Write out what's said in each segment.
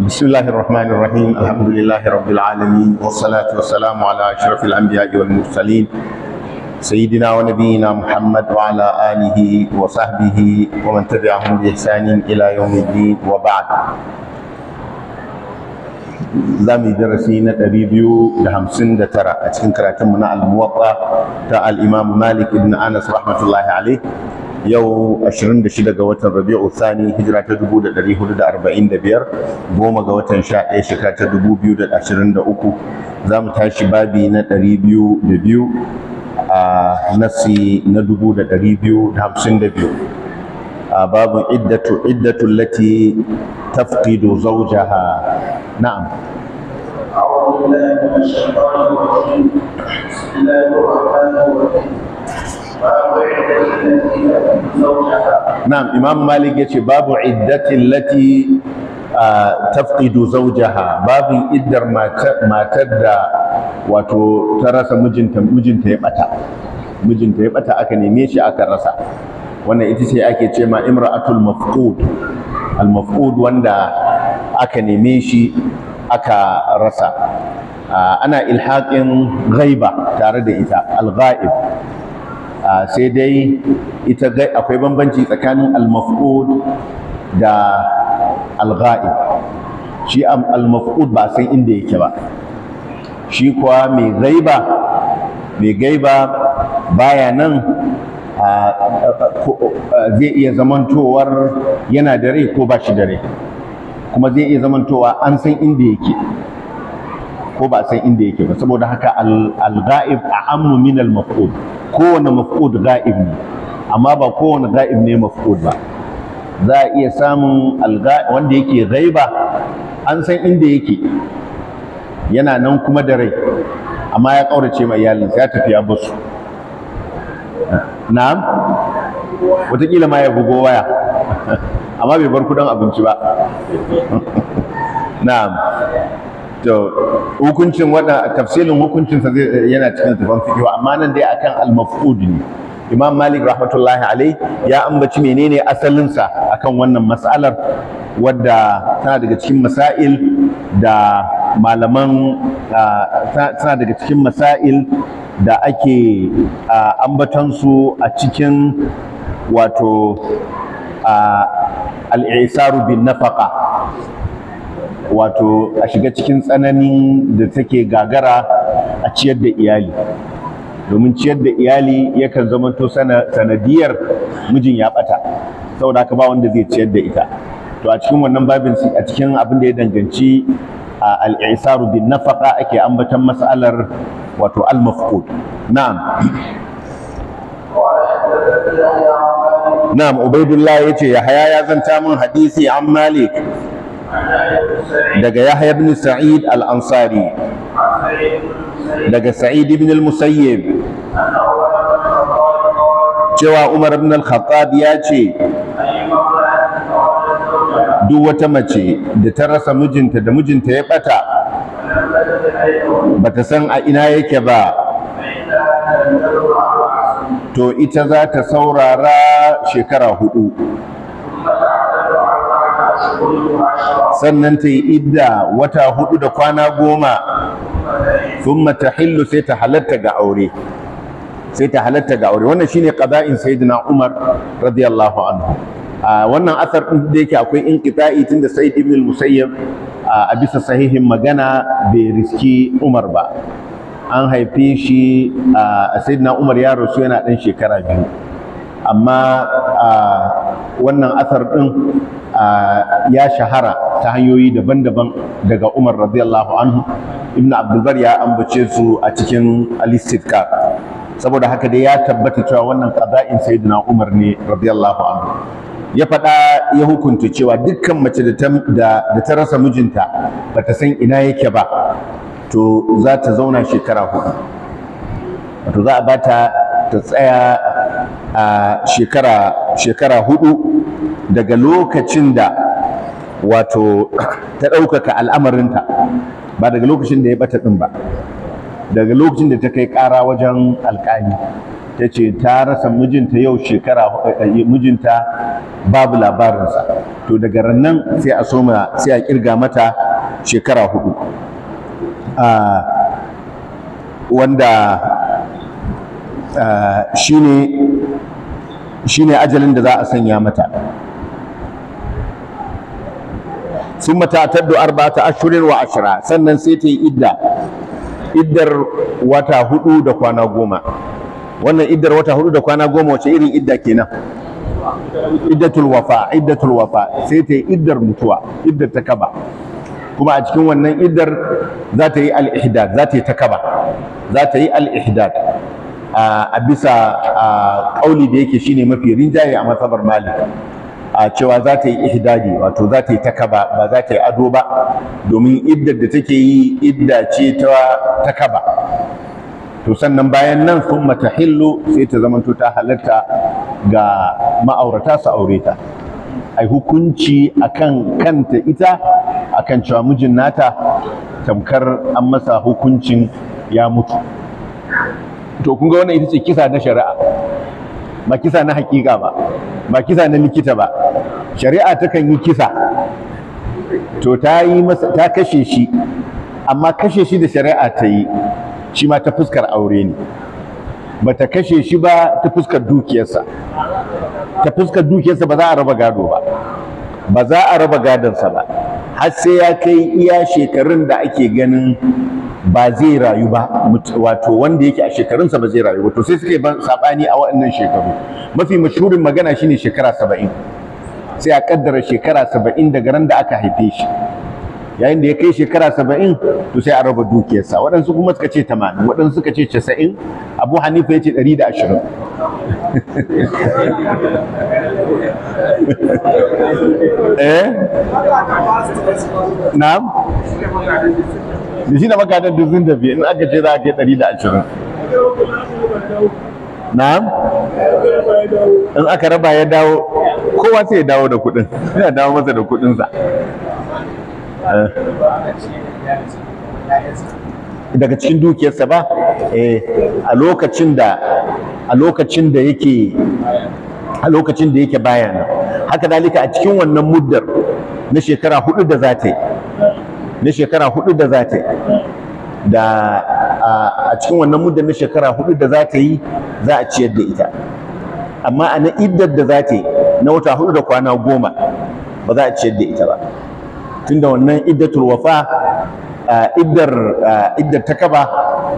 بسم الله الرحمن الرحيم الحمد لله رب العالمين والصلاة والسلام على أشرف الأنبياء والمرسلين سيدنا ونبينا محمد وعلى آله وصحبه ومن تبعهم بإحسان إلى يوم الدين وبعد zamu darasi na ɗari biyu da hamsin da tara a cikin karatunmu na al-muwatta ta al-imam malik ibn anas rahmatullahi alaihi yau 26 ga watan Rabi'u Sani hijira ta 1445 goma ga watan 11 shekara ta 2023 za mu tashi babi na 202 a nasi na 252 a babin iddatu iddatu lati tafqidu zawjaha na'am أعوذ بالله من الشيطان الرجيم بسم الله الرحمن الرحيم na'am imam malik yace babu iddati lati tafqidu zawjaha babu iddar matar da wato ta rasa mijinta ya bata mijinta ya bata aka neme shi aka rasa wannan ita ce ake ce ma imra'atul mafqud al mafqud wanda aka neme shi aka rasa ana ilhaqin ghaiba tare da ita al ghaib Ah, sai dai ita akwai bambanci tsakanin al-maf'ud da al-ghaib shi al-maf'ud ba san inda yake ba shi kuwa mai gaiba mai gaiba baya nan ah, zai iya zamantowar yana da rai ko ba shi da rai kuma zai iya zamantowa an san inda yake ko ba a san inda yake ba saboda haka al-ghaib a'ammu min al-mafqud kowane mafqud ghaib ne amma ba kowane ghaib ne mafqud ba za a iya samun wanda yake ghaiba an san inda yake yana nan kuma da rai amma ya kaurace ma iyalinsa ya tafi ya basu na'am wataƙila ma ya bugo waya amma bai bar kudan abinci ba na'am to hukuncin wada tafsilin hukuncin sa yana cikin tafan fiqh amma nan dai akan al-mafqud ne Imam Malik rahmatullahi alai ya ambaci menene asalinsa sa akan wannan mas'alar wadda tana daga cikin masail da malaman tana daga cikin masail da ake ambatansu su a cikin wato al-isaru bin nafaqa wato a shiga cikin tsananin da take gagara a ciyar da iyali domin ciyar da iyali yakan zamanto sanadiyar mijin ya bata saboda haka ba wanda zai ciyar da ita to a cikin wannan babin a cikin abin da ya danganci al-isaru bin nafaqa ake ambatan mas'alar wato al-mafqud na'am na'am ubaidullah yace yahaya ya zanta min hadisi an malik daga Yahya ibn Sa'id al-Ansari daga Sa'id ibn al-Musayyib cewa Umar ibn al-Khattab ya ce duk wata mace da ta rasa mijinta da mijinta ya bata bata san a ina yake ba to ita za ta saurara shekara hudu sannan ta yi idda wata hudu da kwana goma mata hillu sai ta halatta ga aure sai ta halatta ga aure wannan shine qada'in sayyidina Umar radiyallahu anhu a wannan asar ɗin da yake akwai inqita'i tunda Sayyid ibn al-Musayyib a bisa sahihin magana bai riski Umar ba an haife shi a sayyidina Umar ya rasu yana dan shekara biyu amma wannan asar din ya shahara ta hanyoyi daban-daban daga Umar radiyallahu anhu Ibn Abdulbar ya ambace su a cikin al saboda haka dai ya tabbata cewa wannan qada'in sayyidina Umar ne radiyallahu anhu ya faɗa ya hukunta cewa dukkan mace da ta rasa mijinta ba ta san ina yake ba to za ta zauna shekara hudu to za a bata ta tsaya a shekara shekara hudu daga lokacin da wato ta ɗaukaka al'amarinta ba daga lokacin da ya bata ɗin ba daga lokacin da ta kai ƙara wajen alƙali ta ce ta rasa mijinta yau shekara eh, mijinta babu labarinsa to daga rannan sai a soma sai a kirga mata shekara hudu wanda ne ne ajalin da za a sanya mata summa ta'taddu arba'ata ashirin wa ashira, sannan sai ta yi idda iddar wata hudu da kwana goma wannan iddar wata hudu da kwana goma wace irin idda kenan iddatul wafa iddatul wafa sai ta yi iddar mutuwa iddar ta kaba kuma a cikin wannan iddar za ta yi al-ihdad za ta yi ta kaba za ta yi al-ihdad a bisa kauli da yake shine mafi rinjaye a matsabar mali a cewa za ta yi ihdadi wato za ta yi takaba ba za ta yi ado ba domin iddar da take yi idda ce ta takaba to sannan bayan nan sun mata hillo sai ta zamanto ta halarta ga ma'aurata su aure ta ai hukunci akan kanta ita akan cewa mijin nata tamkar an masa hukuncin ya mutu to kun ga wannan ita ce kisa na shari'a ba kisa na hakika ba ba kisa na likita ba shari'a ta kan yi kisa to ta yi masa ta kashe shi amma kashe shi da shari'a ta yi shi ma ta fuskar aure ne ba ta kashe shi ba ta fuskar dukiyarsa ta fuskar dukiyarsa ba za a raba gado ba ba za a raba gadonsa ba har sai ya kai iya shekarun da ake ganin ba zai rayu ba wato wanda yake a shekarunsa ba zai rayu ba to sai suke ban sabani a waɗannan shekaru mafi mashhurin magana shine shekara saba'in sai a kaddara shekara saba'in daga ran da aka haife shi yayin da ya kai shekara saba'in to sai a raba dukiyarsa waɗansu kuma suka ce tamanin waɗansu suka ce casa'in abu hanifa ya ce ɗari da ashirin eh? na'am da shi da magadan duk da biyu in aka ce za a kai ɗari da ashirin na'am in aka raba ya dawo kowa sai ya dawo da kuɗin yana dawo masa da kuɗinsa eh. daga cikin dukiyarsa ba eh, a lokacin da a lokacin da yake a lokacin da yake bayana haka dalika a cikin wannan muddar na shekara hudu da za ta yi na shekara hudu da za ta yi da a cikin wannan muddar na shekara hudu da za ta yi za a ciyar da ita amma a na iddar da za ta yi na wata hudu da kwana goma ba za a ciyar da ita ba tunda wannan iddatul wafa iddar iddar ta kaba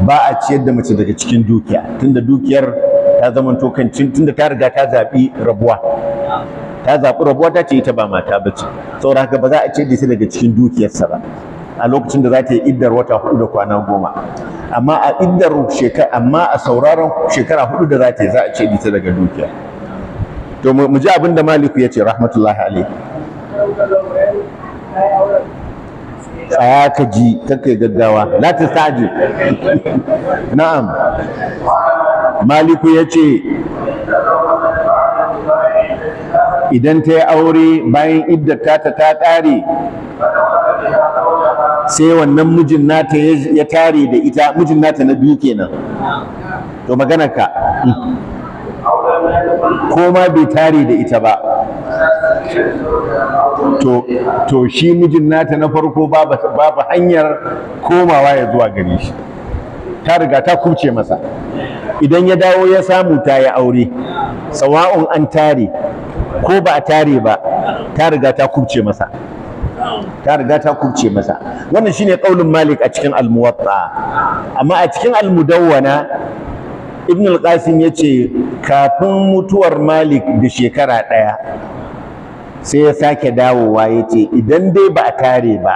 ba a ciyar da mace daga cikin dukiya tunda dukiyar ta zama tokancin tunda ta riga ta zaɓi rabuwa ta zaɓi rabuwa ta ce ita ba mata ce. saboda haka ba za a ciyar da ita daga cikin dukiyarsa ba a lokacin da za ta yi iddar wata hudu da kwana goma amma a iddar shekara amma a sauraron shekara hudu da za ta yi za a ce ta daga dukiya to mu ji abin da maliku ya ce rahmatullahi alaihi tsaya ka ji kai gaggawa la ta saji na'am maliku ya ce idan ta yi aure bayan iddar ta ta ƙare sai wannan mijin nata ya tare da ita mijin nata na biyu kenan to magana ka ko ma bai tare da ita ba to shi mijin nata na farko babu hanyar komawa ya zuwa gare shi ta riga ta kubce masa idan ya dawo ya samu ta ya aure tsawa'un an tare ko ba a tare ba ta riga ta kuce masa ta riga ta kurce masa wannan shine kaulin malik a cikin almuwatta amma a cikin almudawwana ibn al-qasim yace kafin mutuwar malik da shekara daya sai ya sake dawowa yace idan dai ba a tare ba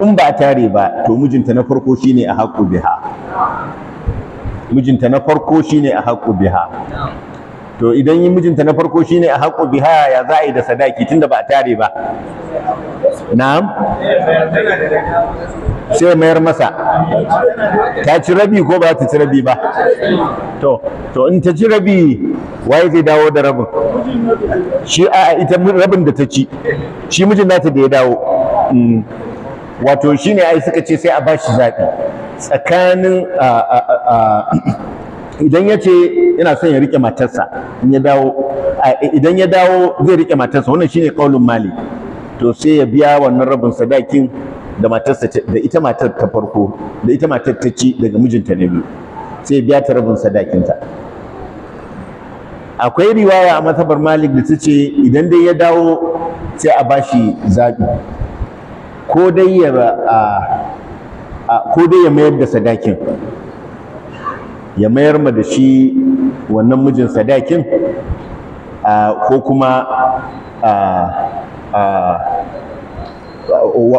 in ba a tare ba to mijinta na farko shine a haƙu biha mijinta na farko shine a haƙu biha to idan yi mijinta na farko shine a haƙo biha ya za a yi da sadaki tunda ba a tare ba na'am sai mayar masa ta ci rabi ko ba ta ci rabi ba to to in ta ci rabi waye zai dawo da rabin shi a ita rabin da ta ci shi mijin nata da ya dawo mm. wato shine ai suka ce sai a bashi zaɓi tsakanin idan ya ce yana son ya rike matarsa in ya dawo idan ya dawo zai rike matarsa wannan shine qaulun mali to sai ya biya wannan rabin sadakin da matarsa da ita matar ta farko da ita matar ta ci daga mijinta na biyu sai ya biya ta rabin sadakinta akwai riwaya a matsabar malik da ta ce idan dai ya dawo sai a bashi zaɓi ko dai ya ko dai ya mayar da sadakin ya mayar ma da shi wannan mijin sadakin ko kuma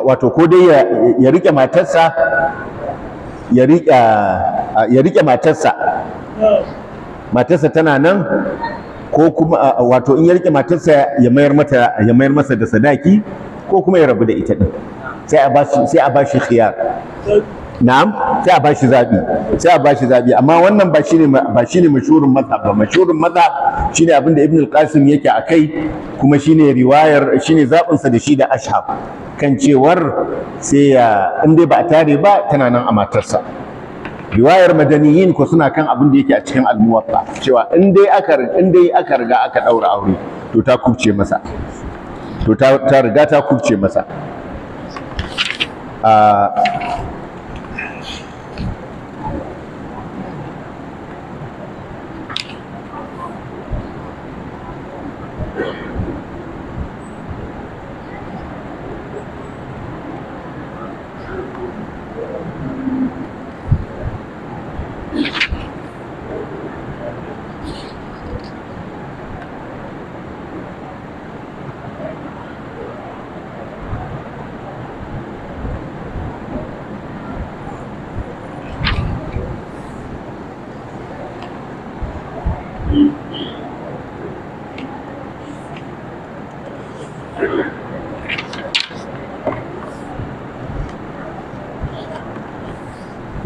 wato ko dai ya riƙe matarsa ya riƙe matarsa matarsa tana nan ko kuma wato in ya riƙe matarsa ya mayar mata ya mayar masa da sadaki ko kuma ya rabu da ita din sai a ba shi sai a ba shi khiyar na'am sai a bashi zabi sai a bashi zabi amma wannan ba shine ba shine mashhurin mazhab ba mashhurin mazhab shine abin da ibn al-qasim yake akai kuma shine riwayar shine zabin sa da shi da ashab kan cewar sai ya in dai ba a tare ba tana nan a matarsa riwayar madaniyin ko suna kan abin da yake a cikin al-muwatta cewa in dai aka in dai aka riga aka daura aure to ta kubce masa to ta riga ta kubce masa ah,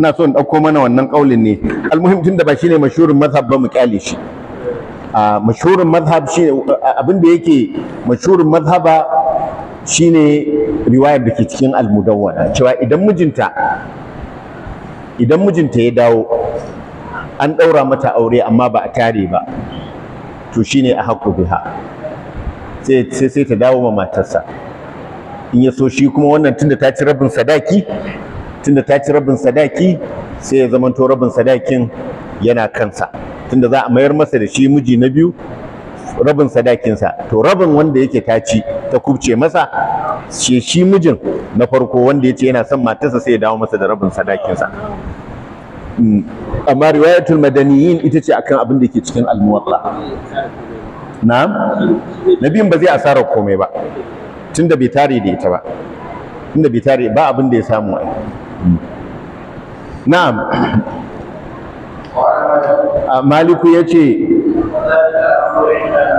ina so in ɗauko mana wannan ƙaulin ne almuhim tun da ba shine mashhurin mazhab ba mu kyale shi a mashhurin mazhab shi abin da yake mashhurin mazhaba shine riwayar da ke cikin almudawwana cewa idan mijinta idan mijinta ya dawo an ɗaura mata aure amma ba a tare ba to shine a haƙƙu biha sai ta dawo ma matarsa in ya so shi kuma wannan tunda ta ci rabin sadaki tunda ta ci rabin sadaki sai ya zamanto rabin sadakin yana kansa tunda za a mayar masa da shi miji na biyu rabin sadakinsa to rabin wanda yake ta ci ta kubce masa shi shi mijin na farko wanda ya ce yana son matarsa sai ya dawo masa da rabin sadakinsa amma riwayatul madaniyin ita ce akan abin da ke cikin almuwalla na'am nabiyin ba zai asara komai ba tunda bai tare da ita ba tunda bai tare ba abin da ya samu na'am maliku ya ce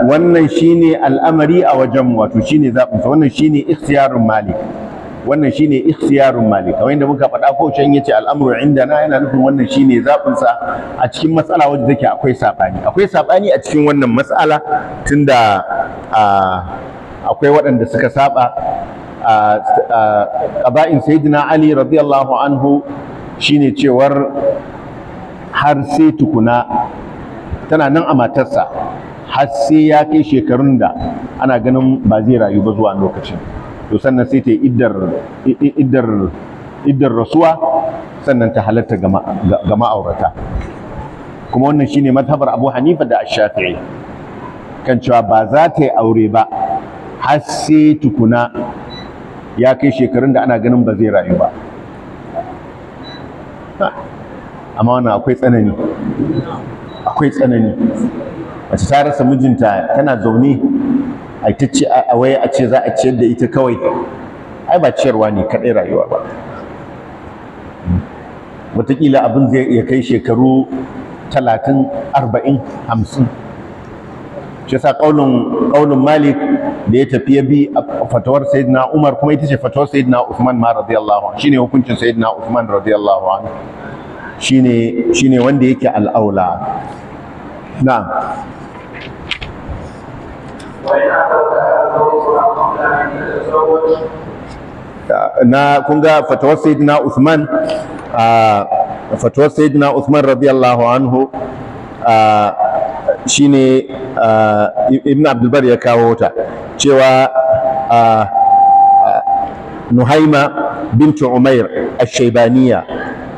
wannan shine al'amari a wajen wato shine zaɓinsa wannan shine ikhtiyarun malik wannan shine ikhtiyarun malik kawai da muka faɗa ko can yace al'amru indana yana nufin wannan shine zaɓinsa a cikin matsala wanda take akwai saɓani. akwai saɓani a cikin wannan matsala tunda akwai waɗanda suka saɓa. ƙaba'in saidina ali radiyallahu anhu shine cewar har sai tukuna tana nan a matarsa har sai ya kai shekarun da ana ganin ba zai rayu ba zuwa lokacin to sannan sai ta yi iddar rasuwa sannan ta halatta ga ma'aurata kuma wannan shine mazhabar abu hanifa da ash-shafi'i kan cewa ba za ta yi aure ba har sai tukuna ya kai shekarun da ana ganin ba zai rayu ba amma wannan akwai tsanani akwai tsanani mace ta rasa mijinta tana zaune a ta ce a waya a ce za a ciyar da ita kawai ai ba ciyarwa ne kaɗai rayuwa ba wataƙila abin zai iya kai shekaru talatin arba'in hamsin shi yasa ƙaunin malik da ya tafi ya bi fatawar sayyidina Umar kuma ita ce fatawar sayyidina Usman ma radiyallahu anhu shine hukuncin sayyidina Usman radiyallahu anhu shine shine wanda yake al'aula na'am na kun ga fatawar sayyidina Uthman a fatawar sayyidina Uthman radiyallahu anhu shine ibn abdulbar ya kawo ta cewa nuhaima bintu umair ashaibaniya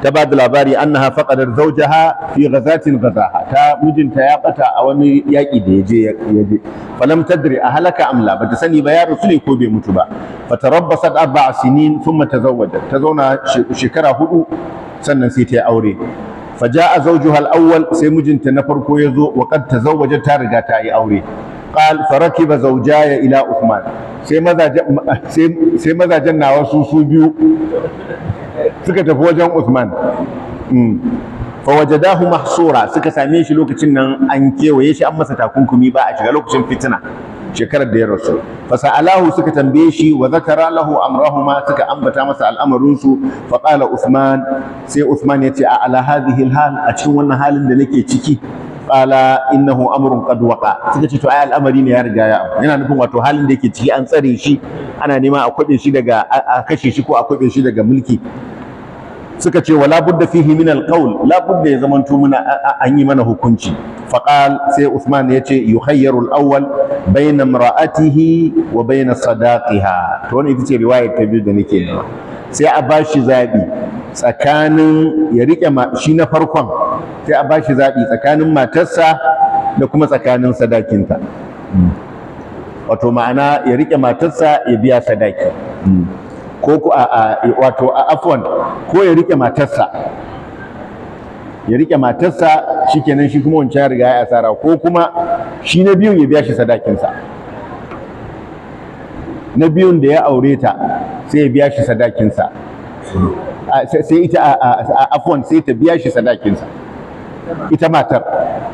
ta ba da labari annaha faqadar zawjaha fi ghazatin ghazaha ta mijinta ya bata a wani yaki da yaje yaje falam tadri a halaka amla bata sani ba ya rasu ne ko bai mutu ba fatarabbasat arba'a sinin thumma tazawwajat ta zauna shekara hudu sannan sai ta yi aure faja'a zawjuha al-awwal sai mijinta na farko ya zo wa qad tazawwaja ta riga ta yi aure قال فركب زوجاي الى عثمان sai sai mazajen nawa su su biyu suka tafi wajen Uthman mm. fa wajadahu mahsura suka same shi lokacin nan an kewaye shi an masa takunkumi ba a shiga lokacin fitina shekarar da ya rasu fasalahu suka tambaye shi wa zakara lahu amrahuma suka ambata masa al'amarinsu fa qala Uthman sai Uthman ya ce a ala hadhihi hal a cikin wannan halin da nake ciki qala innahu amrun qad waqa ce to ai al'amari ne ya riga ya yana nufin wato halin da yake ciki an tsare shi ana nema a kwabe shi daga a kashe shi ko a kwabe shi daga mulki suka ce wala budda fihi min alqaul la budda ya zamanto muna an yi mana hukunci qal sai Usman ya ce yukhayyaru alawwal bayna imra'atihi wa bayna sadaqiha to wannan ita ce riwaya ta biyu da nake nema sai a ba shi zaɓi tsakanin ya riƙe shi na farkon sai a ba shi zaɓi tsakanin matarsa da kuma tsakanin sadakinta wato ma'ana ya riƙe matarsa ya biya sadaki ko ku a wato a afwan ko ya riƙe matarsa ya riƙe matarsa shikenan shi kuma wancan riga ya asara ko kuma shi na biyun ya biya shi sadakinsa na biyun da ya aure ta sai ya biya shi sadakinsa sai ita afon sai ta biya shi sadakinsa ita matar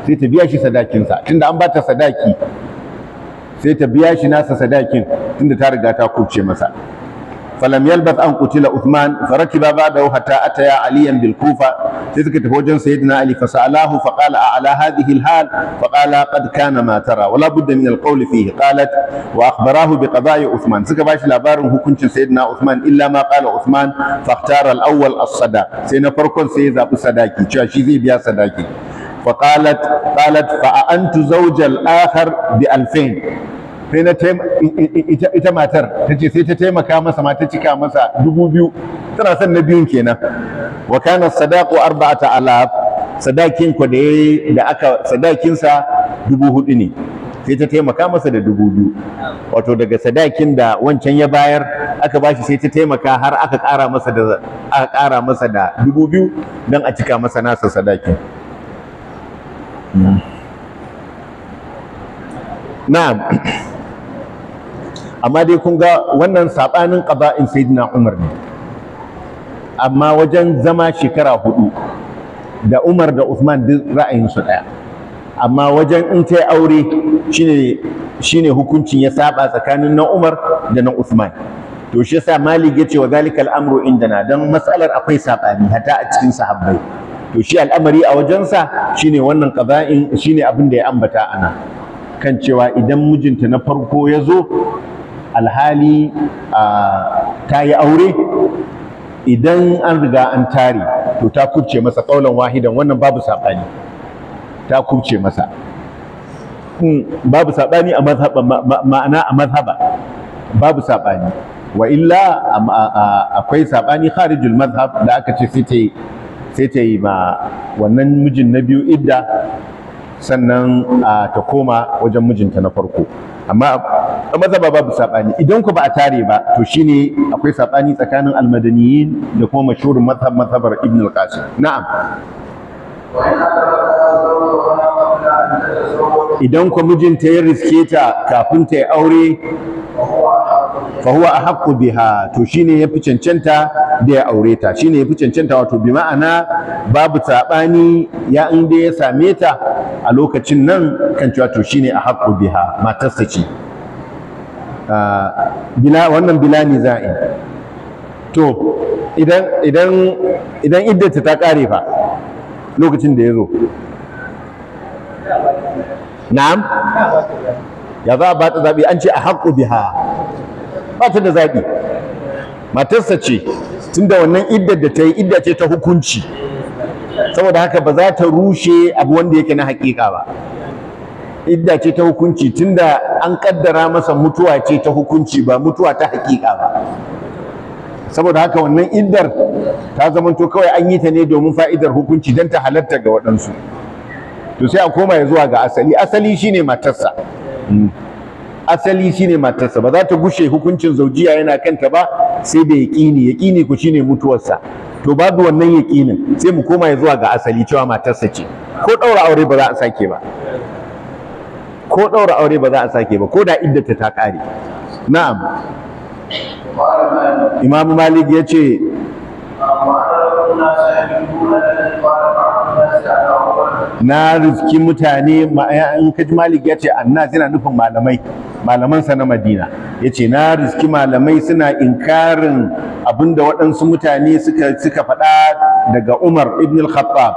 sai ta biya shi sadakinsa tunda an ba ta sadaki sai ta biya shi nasa sadakin tunda ta riga ta kuce masa falam yalbath an qutila Uthman farakiba ba'dahu hatta ataya aliyan bil Kufa sai suka tafi wajen sayyidina Ali fa sa'alahu fa qala a ala hadhihi al hal fa qala qad kana ma tara wala budda min al qawl fihi qalat wa akhbarahu bi qada'i Uthman suka bashi labarin hukuncin sayyidina Uthman illa ma qala Uthman fa ikhtara al awwal as sadaq sai na farkon sai ya zabi sadaki cewa shi zai biya sadaki فقالت قالت فأنت زوج الآخر بألفين sai na ita matar ta ce sai ta taimaka masa ma ta cika masa dubu biyu tana son na biyun kenan wa kana sadaqu arba'ata alaf sadakin ku da da aka sadakin sa dubu hudu ne sai ta taimaka masa da dubu biyu wato daga sadakin da wancan ya bayar aka bashi sai ta taimaka har aka ƙara masa da aka ƙara masa da dubu biyu don a cika masa nasa sadakin na'am amma dai kun ga wannan saɓanin ƙaba'in saidina umar ne amma wajen zama shekara hudu da umar da usman duk ra'ayin su ɗaya amma wajen in ta aure shine shine hukuncin ya saba tsakanin na umar da na usman to shi yasa malik ce wa zalikal inda na dan matsalar akwai saɓani hatta a cikin sahabbai to shi al'amari a wajensa shine wannan ƙaba'in shine abin da ya ambata ana kan cewa idan mijinta na farko ya zo alhali ta yi aure idan an riga an tare to ta kubce masa ƙaunar wahidan wannan babu saɓani ta kubce masa hmm, babu saɓani a mazhaba ma'ana a mazhaba babu saɓani wa illa akwai saɓani kharijul mazhab da aka ce sai ta yi ma wannan mijin na biyu idda sannan ta koma wajen mijinta na farko amma a mazhaba babu sabani idan ku ba a tare ba to shine akwai saɓani tsakanin almadaniyin da kuma mashhurin mazhab mazhabar ibn al-qasim na'am idan ku mijinta ya riske ta kafin ta yi aure fa a haƙƙo biha to shine fi cancanta da ya aure ta shine fi cancanta wato bi ma'ana babu saɓani ya in da ya same ta a lokacin nan kan cewa to shine haƙƙo biha matarsa ce ah, bila wannan bila niza'in to idan idan idan iddata ta kare fa lokacin da ya zo na'am ya za a ba ta zaɓi an ce a haƙƙo biha ba da zaɓi matarsa ce tunda wannan iddar da ta yi idda ce ta hukunci saboda haka ba za ta rushe abu wanda yake na haƙiƙa ba idda ce ta hukunci tunda an ƙaddara masa mutuwa ce ta hukunci ba mutuwa ta haƙiƙa ba saboda haka wannan iddar ta zama to kawai an yi ta ne domin fa'idar hukunci don ta halatta ga waɗansu to sai a koma ya zuwa ga asali asali shine matarsa hmm. asali shine matarsa ba za ta gushe hukuncin zaujiya yana kanta ba sai da yaƙini yaƙini ku shine mutuwarsa to babu wannan yaƙinin sai mu koma zuwa ga asali cewa matarsa ce ko ɗaura aure ba za a sake ba ko daura aure ba za a sake ba ko da iddata ta kare na'am imam malik ya ce na rizki mutane in kaji malik ya ce annas yana nufin malamai malamansa na madina ya ce na rizki malamai suna inkarin abinda waɗansu mutane suka suka faɗa daga umar ibn al-khattab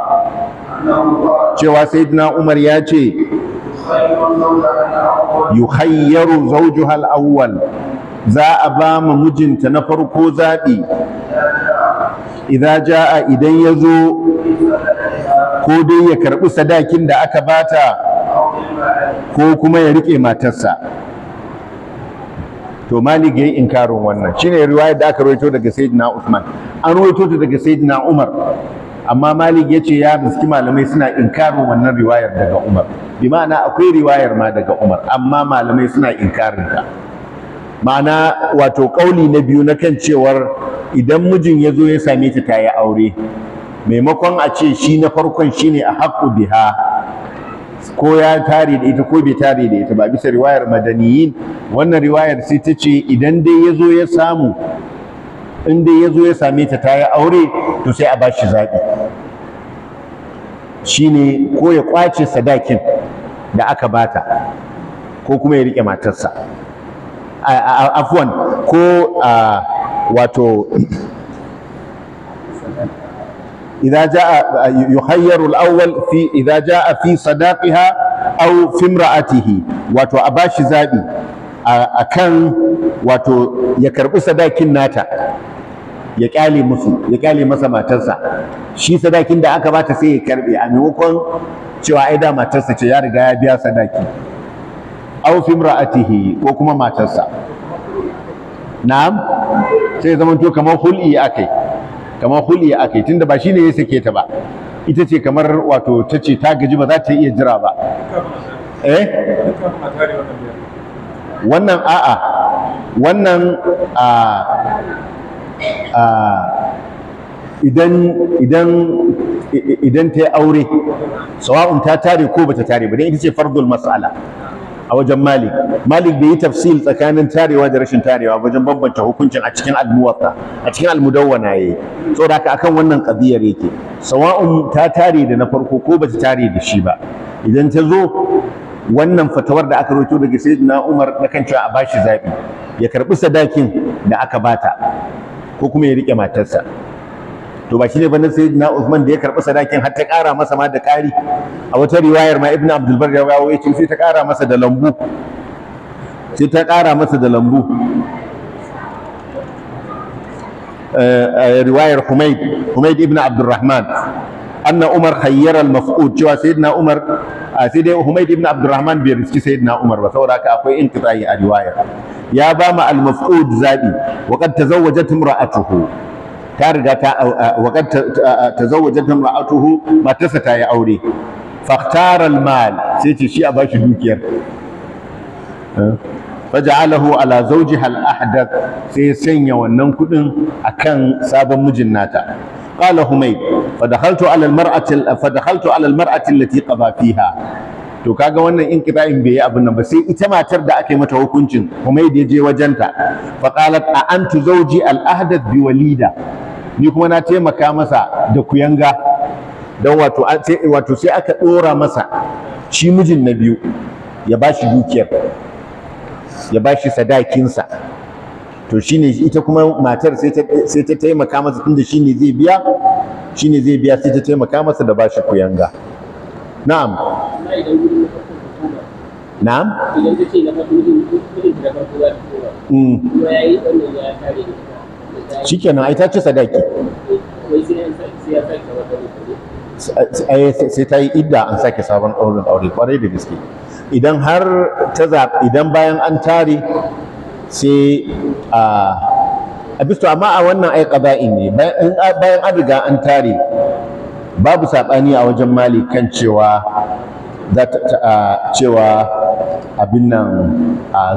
cewa sayyidina umar ya ce yukhayyaru zawjuha awwal za a ba mu mijinta na farko zaɓi idza jaa idan ya zo ko dai ya karɓi sadakin da aka bata ko kuma ya riƙe matarsa to malik yayi inkarin wannan shine riwayar da aka rawaito daga sayyidina usman an rawaito ta daga sayyidina umar amma malik ya ce ya riski malamai suna inkarin wannan riwayar daga umar bi ma'ana akwai riwayar ma daga umar amma malamai suna inkarin ta ma'ana wato ƙauli na biyu na kan cewar idan mijin ya zo ya same ta ta aure maimakon a ce shi na farkon shi ne a haƙƙu biha ko ya tare da ita ko bai tare da ita ba bisa riwayar madaniyin wannan riwayar sai ta ce idan dai ya zo ya samu in dai ya zo ya same ta ta aure to sai a ba shi zaɓi shi ne ko ya ƙwace sadakin da aka bata ko kuma ya riƙe matarsa afwan ko wato idha jaa yuhayyaru al-awwal fi idha jaa fi sadaqiha au fi imra'atihi wato a bashi zabi akan wato ya karbi sadakin nata ya kyale musu ya kyale masa matarsa shi sadakin da aka bata sai ya karbe a maimakon cewa ai da matarsa ce ya riga ya biya sadaki aw fi imra'atihi ko kuma matarsa na'am sai zaman to kamar hul'i akai kamar hul'i akai tunda ba shine ya sake ta ba ita ce kamar wato ta ce ta gaji ba za ta iya jira ba eh wannan a'a wannan a a idan idan idan ta yi aure sawa'un ta tare ko bata tare ba dan ita ce fardul mas'ala a wajen malik malik bai yi tafsil tsakanin tarewa da rashin tarewa wajen bambanta hukuncin a cikin almuwatta a cikin almudawwana yayi saboda akan wannan qadiyar yake sawa'un ta tare da na farko ko bata tare da shi ba idan ta zo wannan fatawar da aka roto daga na umar na kan cewa a bashi zaɓi, ya karɓi sadakin da aka bata ko kuma ya riƙe matarsa to ba shine bane sai na Uthman da ya karɓi sadakin har ta ƙara masa ma da ƙari a wata riwayar ma Ibn Abdul Bar ya wayo ce sai ta ƙara masa da lambu sai ta ƙara masa da lambu eh, riwayar Humayd Humayd ibn Rahman anna Umar khayyara al-maf'ud cewa sayyidina Umar sai dai Humayd ibn Rahman bai riski sayyidina Umar ba saboda haka akwai inqita'i a riwayar ya ba ma al-maf'ud zabi wa qad tazawwajat imra'atuhu ta riga ta waƙar ta zawaje ta matarsa ta yi aure faktaral mal sai ce shi a bashi dukiyar eh? faja'alahu ala zawji hal ahdath sai sanya wannan kudin akan sabon mijin nata qala humayd fadakhaltu ala al fadakhaltu ala al allati qada fiha to kaga wannan in kita'in bai yi abin nan ba sai ita matar da aka yi mata hukuncin kuma yadda ya je wajenta fa qalat a antu zawji al ahdath bi walida ni kuma na taimaka masa da kuyanga dan wato wato sai aka dora masa shi mijin na biyu ya bashi dukiyar ya bashi sadakinsa to shine ita kuma matar sai ta sai ta taimaka masa tunda shine zai biya shine zai biya sai ta taimaka masa da bashi kuyanga na'am na'am mm. shi kenan ai ta sadaki sai ta yi idda an sake sabon ɗaurin aure ƙwarai da gaske idan har ta zaɓi idan bayan an tare sai a amma a wannan ai ne bayan an riga an tare babu saɓani a wajen mali kan cewa abin nan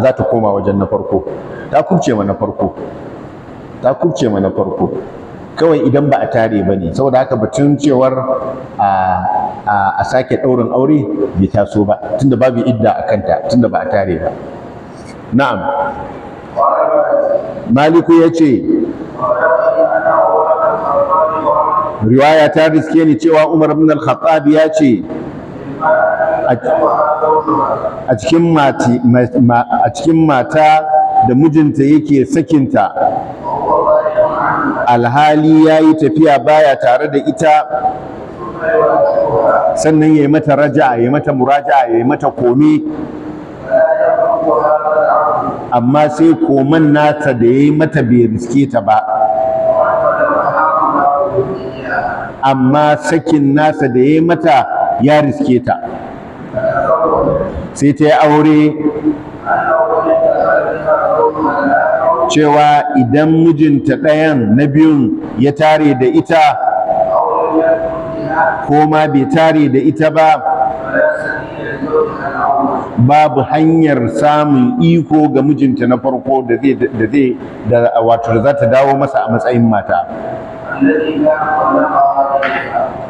za ta koma wajen na farko ta kubce ma na farko ta kubce ma na farko kawai idan ba a tare ba ne saboda haka batun cewar a sake ɗaurin aure bai taso ba tunda babu idda a kanta tunda ba a tare ba na'am maliku ya ce riwaya ta riske ni cewa Umar ibn al-Khattab ya ce a cikin mati a cikin mata da mijinta yake sakinta alhali yayi tafiya baya tare da ita sannan ya yi mata raja'a ya mata muraja'a ya mata komi amma sai koman nata da yayi mata bai riske ta ba amma sakin nasa da ya mata ya riske ta sai ta yi aure cewa idan mijinta ɗayan na biyun ya tare da ita ko ma bai tare da ita ba babu hanyar samun iko ga mijinta na farko da zai da wato da za ta dawo masa a matsayin mata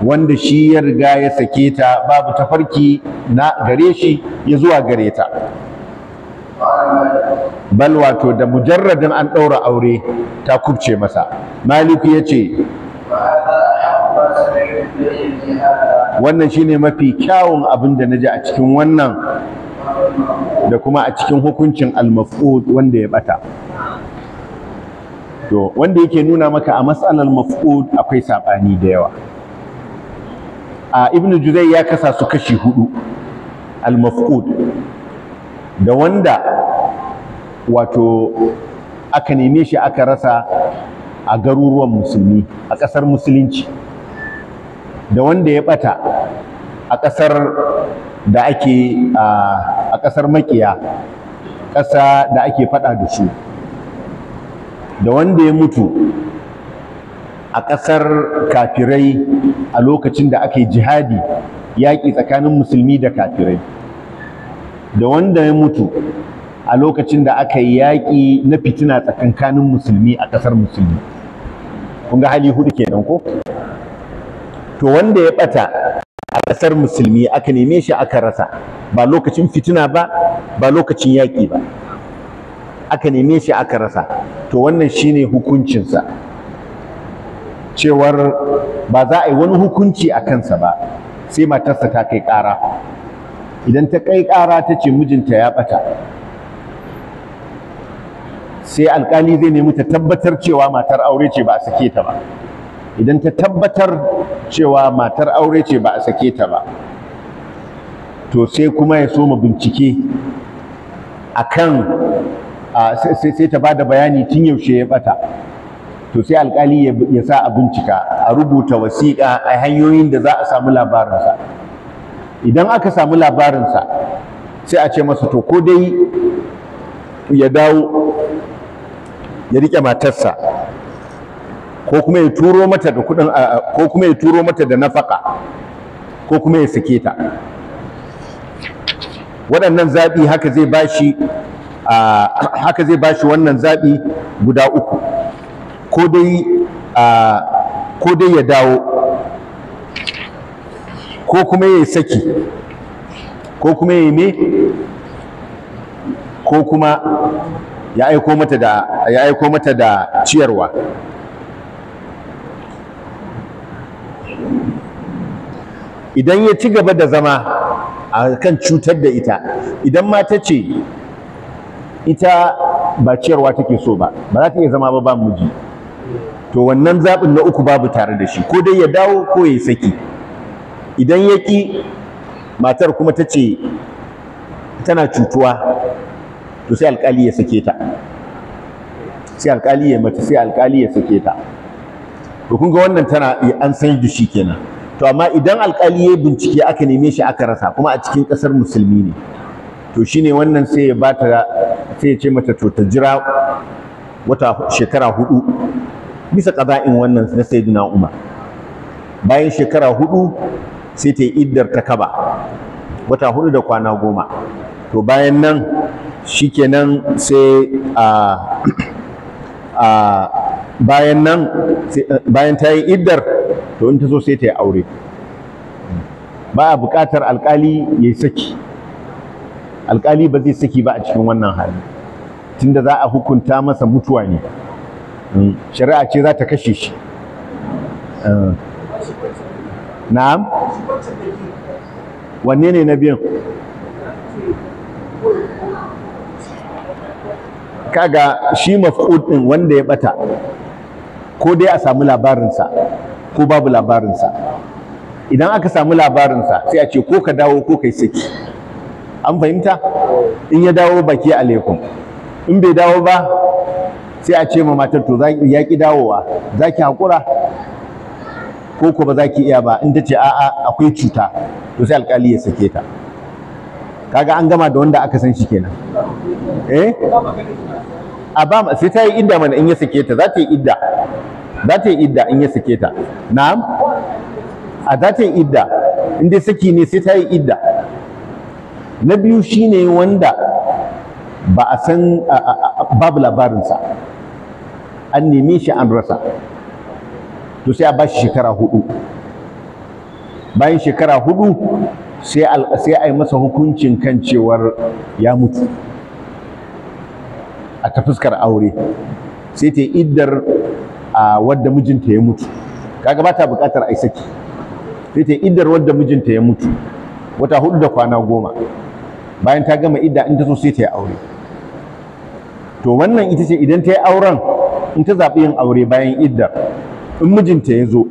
wanda shi ya riga ya sake ta babu tafarki na gare shi ya zuwa gare ta bal wato da mujarradin an ɗaura aure ta kubce masa maliku ya ce wannan shine mafi kyawun abin da na naji a cikin wannan da kuma a cikin hukuncin al wanda ya bata to wanda yake nuna maka a matsalar maf'ud akwai saɓani da yawa a ibn juzai ya kasa su kashi hudu al maf'ud da wanda wato aka neme shi aka rasa a garuruwan musulmi a ƙasar musulunci da wanda ya ɓata a ƙasar da ake a ƙasar makiya ƙasa da ake faɗa da su da wanda ya mutu a ƙasar kafirai a lokacin da aka yi jihadi yaƙi tsakanin musulmi da kafirai da wanda ya mutu a lokacin da aka yi yaƙi na fitina tsakankanin musulmi a ƙasar musulmi kun ga hali hudu kenan ko to wanda ya ɓata a ƙasar musulmi aka neme shi aka rasa ba lokacin fitina ba ba lokacin yaƙi ba aka neme shi aka rasa to wannan shine hukuncinsa cewar ba za a yi wani hukunci a kansa ba sai matarsa ta kai ƙara idan ta kai ƙara ta ce mijinta ya ɓata sai alƙali zai nemi ta tabbatar cewa matar aure ce ba a sake ta ba idan ta tabbatar cewa matar aure ce ba a sake ta ba to sai kuma ya soma bincike akan sai ta bada bayani tun yaushe ya bata to sai alkali ya sa a bincika a rubuta wasiƙa a hanyoyin da za a samu labarinsa idan aka samu labarinsa sai a ce masa to ko dai ya dawo ya rike matarsa ko kuma ya turo mata da kuɗin ko kuma ya turo mata da nafaka ko kuma ya sake ta waɗannan zaɓi haka zai bashi haka zai bashi wannan zaɓi guda uku ko dai ya dawo ko kuma ya saki ko kuma ya me ko kuma ya aiko mata da ya aiko mata da ciyarwa idan ya ci gaba da zama a kan cutar da ita idan ma ta ce ita ba ciyarwa take so ba ba za ta iya zama ba ba muji to wannan zaɓin na uku babu tare da shi ko dai ya dawo ko ya saki idan ya ƙi matar kuma ta ce tana cutuwa to sai alƙali ya sake ta sai alƙali ya mata sai alƙali ya sake ta to kun ga wannan tana eh, an san da shi kenan to amma idan alƙali ya bincike aka neme shi aka rasa kuma a cikin ƙasar musulmi ne to shine wannan sai ya bata sai ya ce mata to ta jira wata shekara hudu bisa ƙaza'in wannan na sayyidina umar bayan shekara hudu sai ta yi iddar ta kaba wata hudu da kwana goma to bayan nan shikenan sai a a bayan nan bayan ta yi iddar to in ta so sai ta yi aure ba a buƙatar alƙali ya yi saki alƙali ba zai saki ba a cikin wannan hali tunda za a hukunta masa mutuwa ne hmm. shari'a ce za ta kashe shi eh. na'am wanne ne na biyan kaga shi mafi'udin wanda ya bata ko dai a samu labarinsa ko babu labarinsa idan aka samu labarinsa sai a ce ko ka dawo ko ka yi saki an fahimta in ya dawo baki alaikum in bai dawo ba sai a ce ma matar to ya ki dawowa za ki haƙura ko ko ba za ki iya ba in ta ce a'a akwai cuta to sai alƙali ya sake ta kaga an gama da wanda aka san shi kenan eh a ba sai ta yi idda mana in ya sake ta za ta yi idda za ta yi idda in ya sake ta na'am a za ta yi idda in dai saki ne sai ta yi idda na biyu shine wanda ba a san babu labarinsa an neme shi an rasa to sai a ba shi shekara hudu bayan shekara hudu sai a yi masa hukuncin kan cewar ya mutu a ta fuskar aure sai ta yi iddar a wadda mijinta ya mutu kaga ba ta bukatar a saki sai ta yi iddar wadda mijinta ya mutu wata hudu da kwana goma bayan ta gama idda in ta so sai ta yi aure to wannan ita ce idan ta yi auren in ta zaɓi yin aure bayan idda in mijinta ya zo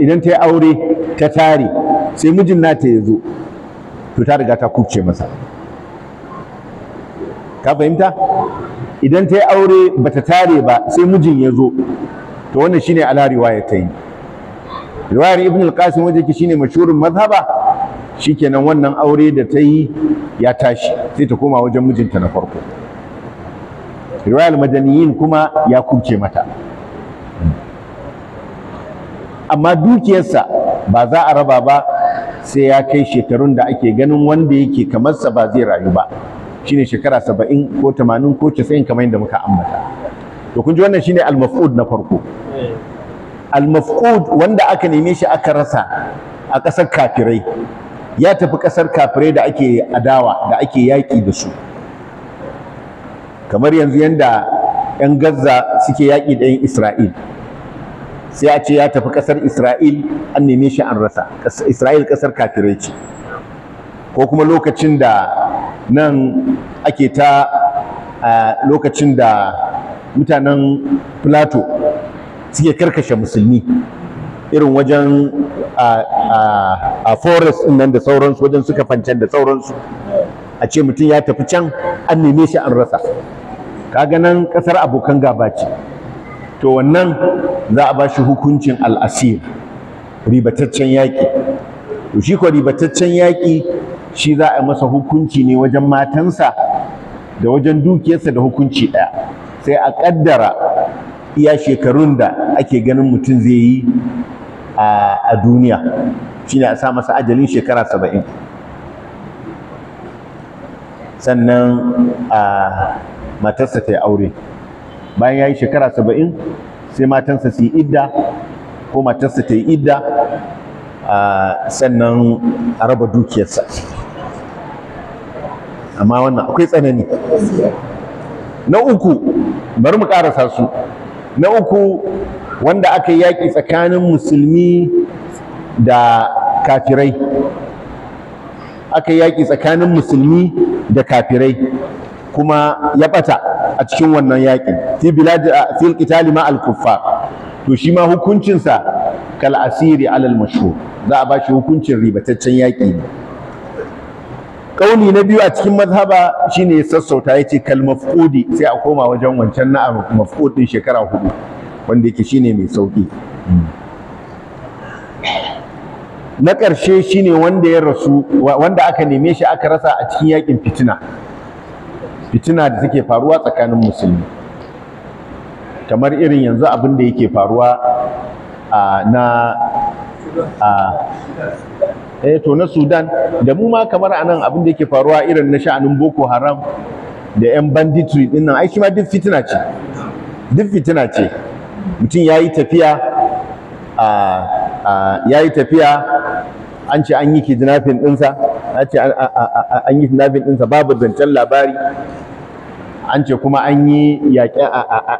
idan ta yi aure ta tare sai mijin nata ya zo to ta riga ta kubce masa ka fahimta idan ta yi aure ba ta tare ba sai mijin ya zo to wannan shine ala riwaya ta yi riwayar ibn al-qasim wajen ki shine mashhurin mazhaba shikenan wannan aure da ta yi ya tashi sai ta koma wajen mijinta na farko riwayar madaniyin kuma ya kuce mata amma dukiyarsa ba za a raba ba sai ya kai shekarun da ake ganin wanda yake kamarsa ba zai rayu ba shine shekara saba'in ko tamanin ko casa'in kamar yadda muka ambata to kun ji wannan shine ne na farko eh. almaf'ud wanda aka neme shi aka rasa a ƙasar kafirai ya tafi ƙasar kafire da ake adawa da ake yaƙi da su kamar yanzu yadda 'yan gaza suke yaƙi da 'yan isra'il sai a ce ya tafi ƙasar isra'il an neme shi an rasa isra'il ƙasar kafire ce ko kuma lokacin da nan ake ta lokacin da mutanen plato suke karkashe musulmi irin wajen a forest din nan da sauransu wajen suka fancan da sauransu a ce mutum ya tafi can an neme shi an rasa kaga nan kasar abokan gaba ce to wannan za a ba shi hukuncin al'asir ribataccen yaƙi to shi ko ribataccen yaƙi shi za a masa hukunci ne wajen matansa da wajen dukiyarsa da hukunci ɗaya sai a ƙaddara iya shekarun da ake ganin mutum zai yi a duniya shi ne a sa masa ajalin shekara saba'in sannan a matarsa ta yi aure bayan ya yi shekara saba'in sai matarsa su yi idda ko matarsa ta yi idda sannan a raba dukiyarsa amma wannan akwai tsanani na uku bari mu ƙarasa su na uku wanda aka yaki tsakanin musulmi da kafirai aka yaƙi tsakanin musulmi da kafirai kuma ya ɓata a cikin wannan yaƙin fi bilad fil qitali ma al to shi ma hukuncinsa kal asiri alal mashhur za a bashi hukuncin ribataccen yaki ne kauli na biyu a cikin mazhaba shine sassauta yace kal mafqudi sai a koma wajen wancan na mafqud shekara hudu wanda yake shine mai sauki na ƙarshe shine wanda ya rasu wanda aka neme shi aka rasa a cikin yakin fitina fitina da take faruwa tsakanin musulmi kamar irin yanzu abin da yake faruwa na eh to na Sudan da mu ma kamar anan abin da yake faruwa irin na sha'anin Boko Haram da 'yan banditry dinnan. ai shi ma duk fitina ce duk fitina ce mutum ya yi tafiya ya yi tafiya an ce an yi kidnapping ɗinsa an ce an yi kidnapping ɗinsa babu zancen labari an ce kuma an yi yaƙi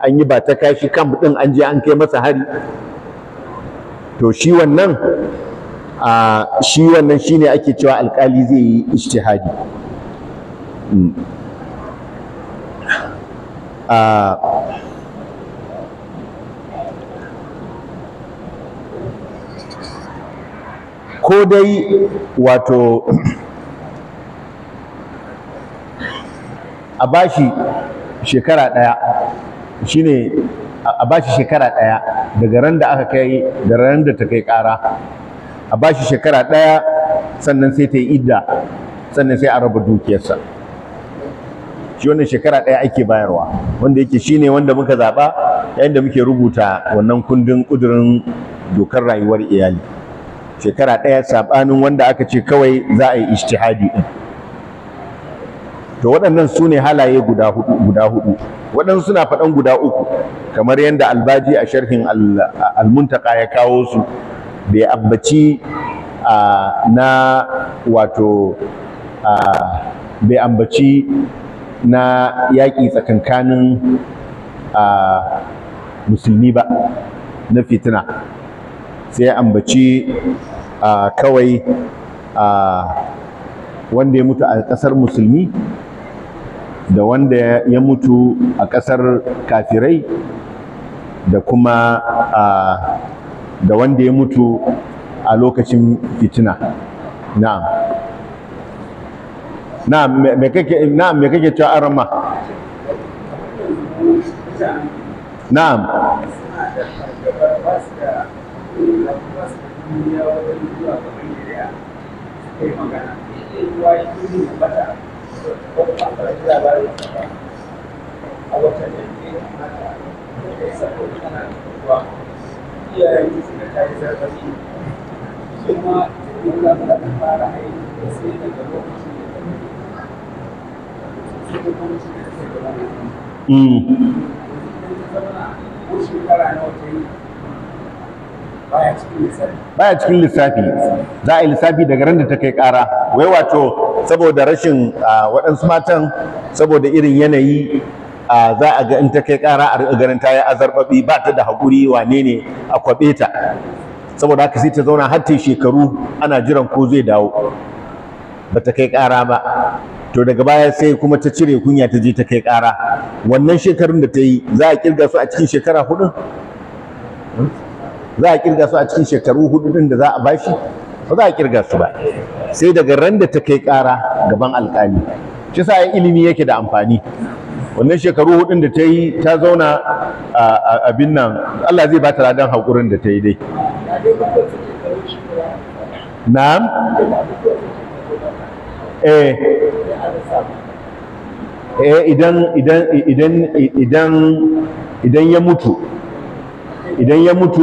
an yi ba ta kashi kan ɗin an je an kai masa hari to shi wannan shi wannan shine ake cewa alƙali zai yi ishtihadi hmm. ko dai wato a bashi shekara ɗaya shine a bashi shekara ɗaya daga ran da aka kai da ran da ta kai ƙara a bashi shekara ɗaya sannan sai ta yi idda sannan sai a raba dukiyarsa shi wannan shekara ɗaya ake bayarwa wanda yake shine wanda muka zaɓa yayin da muke rubuta wannan kundin ƙudurin dokar rayuwar iyali shekara ɗaya saɓanin wanda aka ce kawai za a yi ishtihadi ɗin to waɗannan su ne halaye guda hudu guda hudu waɗansu suna faɗan guda uku kamar yadda albaji a sharhin almuntaka ya kawo su bai ambaci na wato bai ambaci na yaƙi tsakankanin musulmi ba na fitina sai ya ambaci kawai wanda ya mutu a ƙasar musulmi da wanda ya mutu a ƙasar kafirai da kuma da wanda ya mutu a lokacin fitina na'am na, me kake na'am me kake cewa arama na'am Mm. baya cikin lissafi za a yi lissafi daga ran da ta kai ƙara wai wato saboda rashin waɗansu matan saboda irin yanayi za a ga in ta kai kara a ganin ta yi azarbaɓi ba ta da haƙuri wane ne a kwaɓe ta saboda haka sai ta zauna har ta shekaru ana jiran ko zai dawo ba ta kai ƙara ba to daga baya sai kuma ta cire kunya ta je ta kai kara wannan shekarun da ta yi za a kirga su a cikin shekara hudu za a kirga su a cikin shekaru hudu din da za a bashi ba za a kirga su ba sai daga ran da ta kai kara gaban alkali shi sa ilimi yake da amfani wannan shekaru hudun da ta yi ta zauna a abin nan Allah zai ba ta ladan haƙurin da ta yi dai na'am eh, eh idan idan idan idan ya mutu idan ya mutu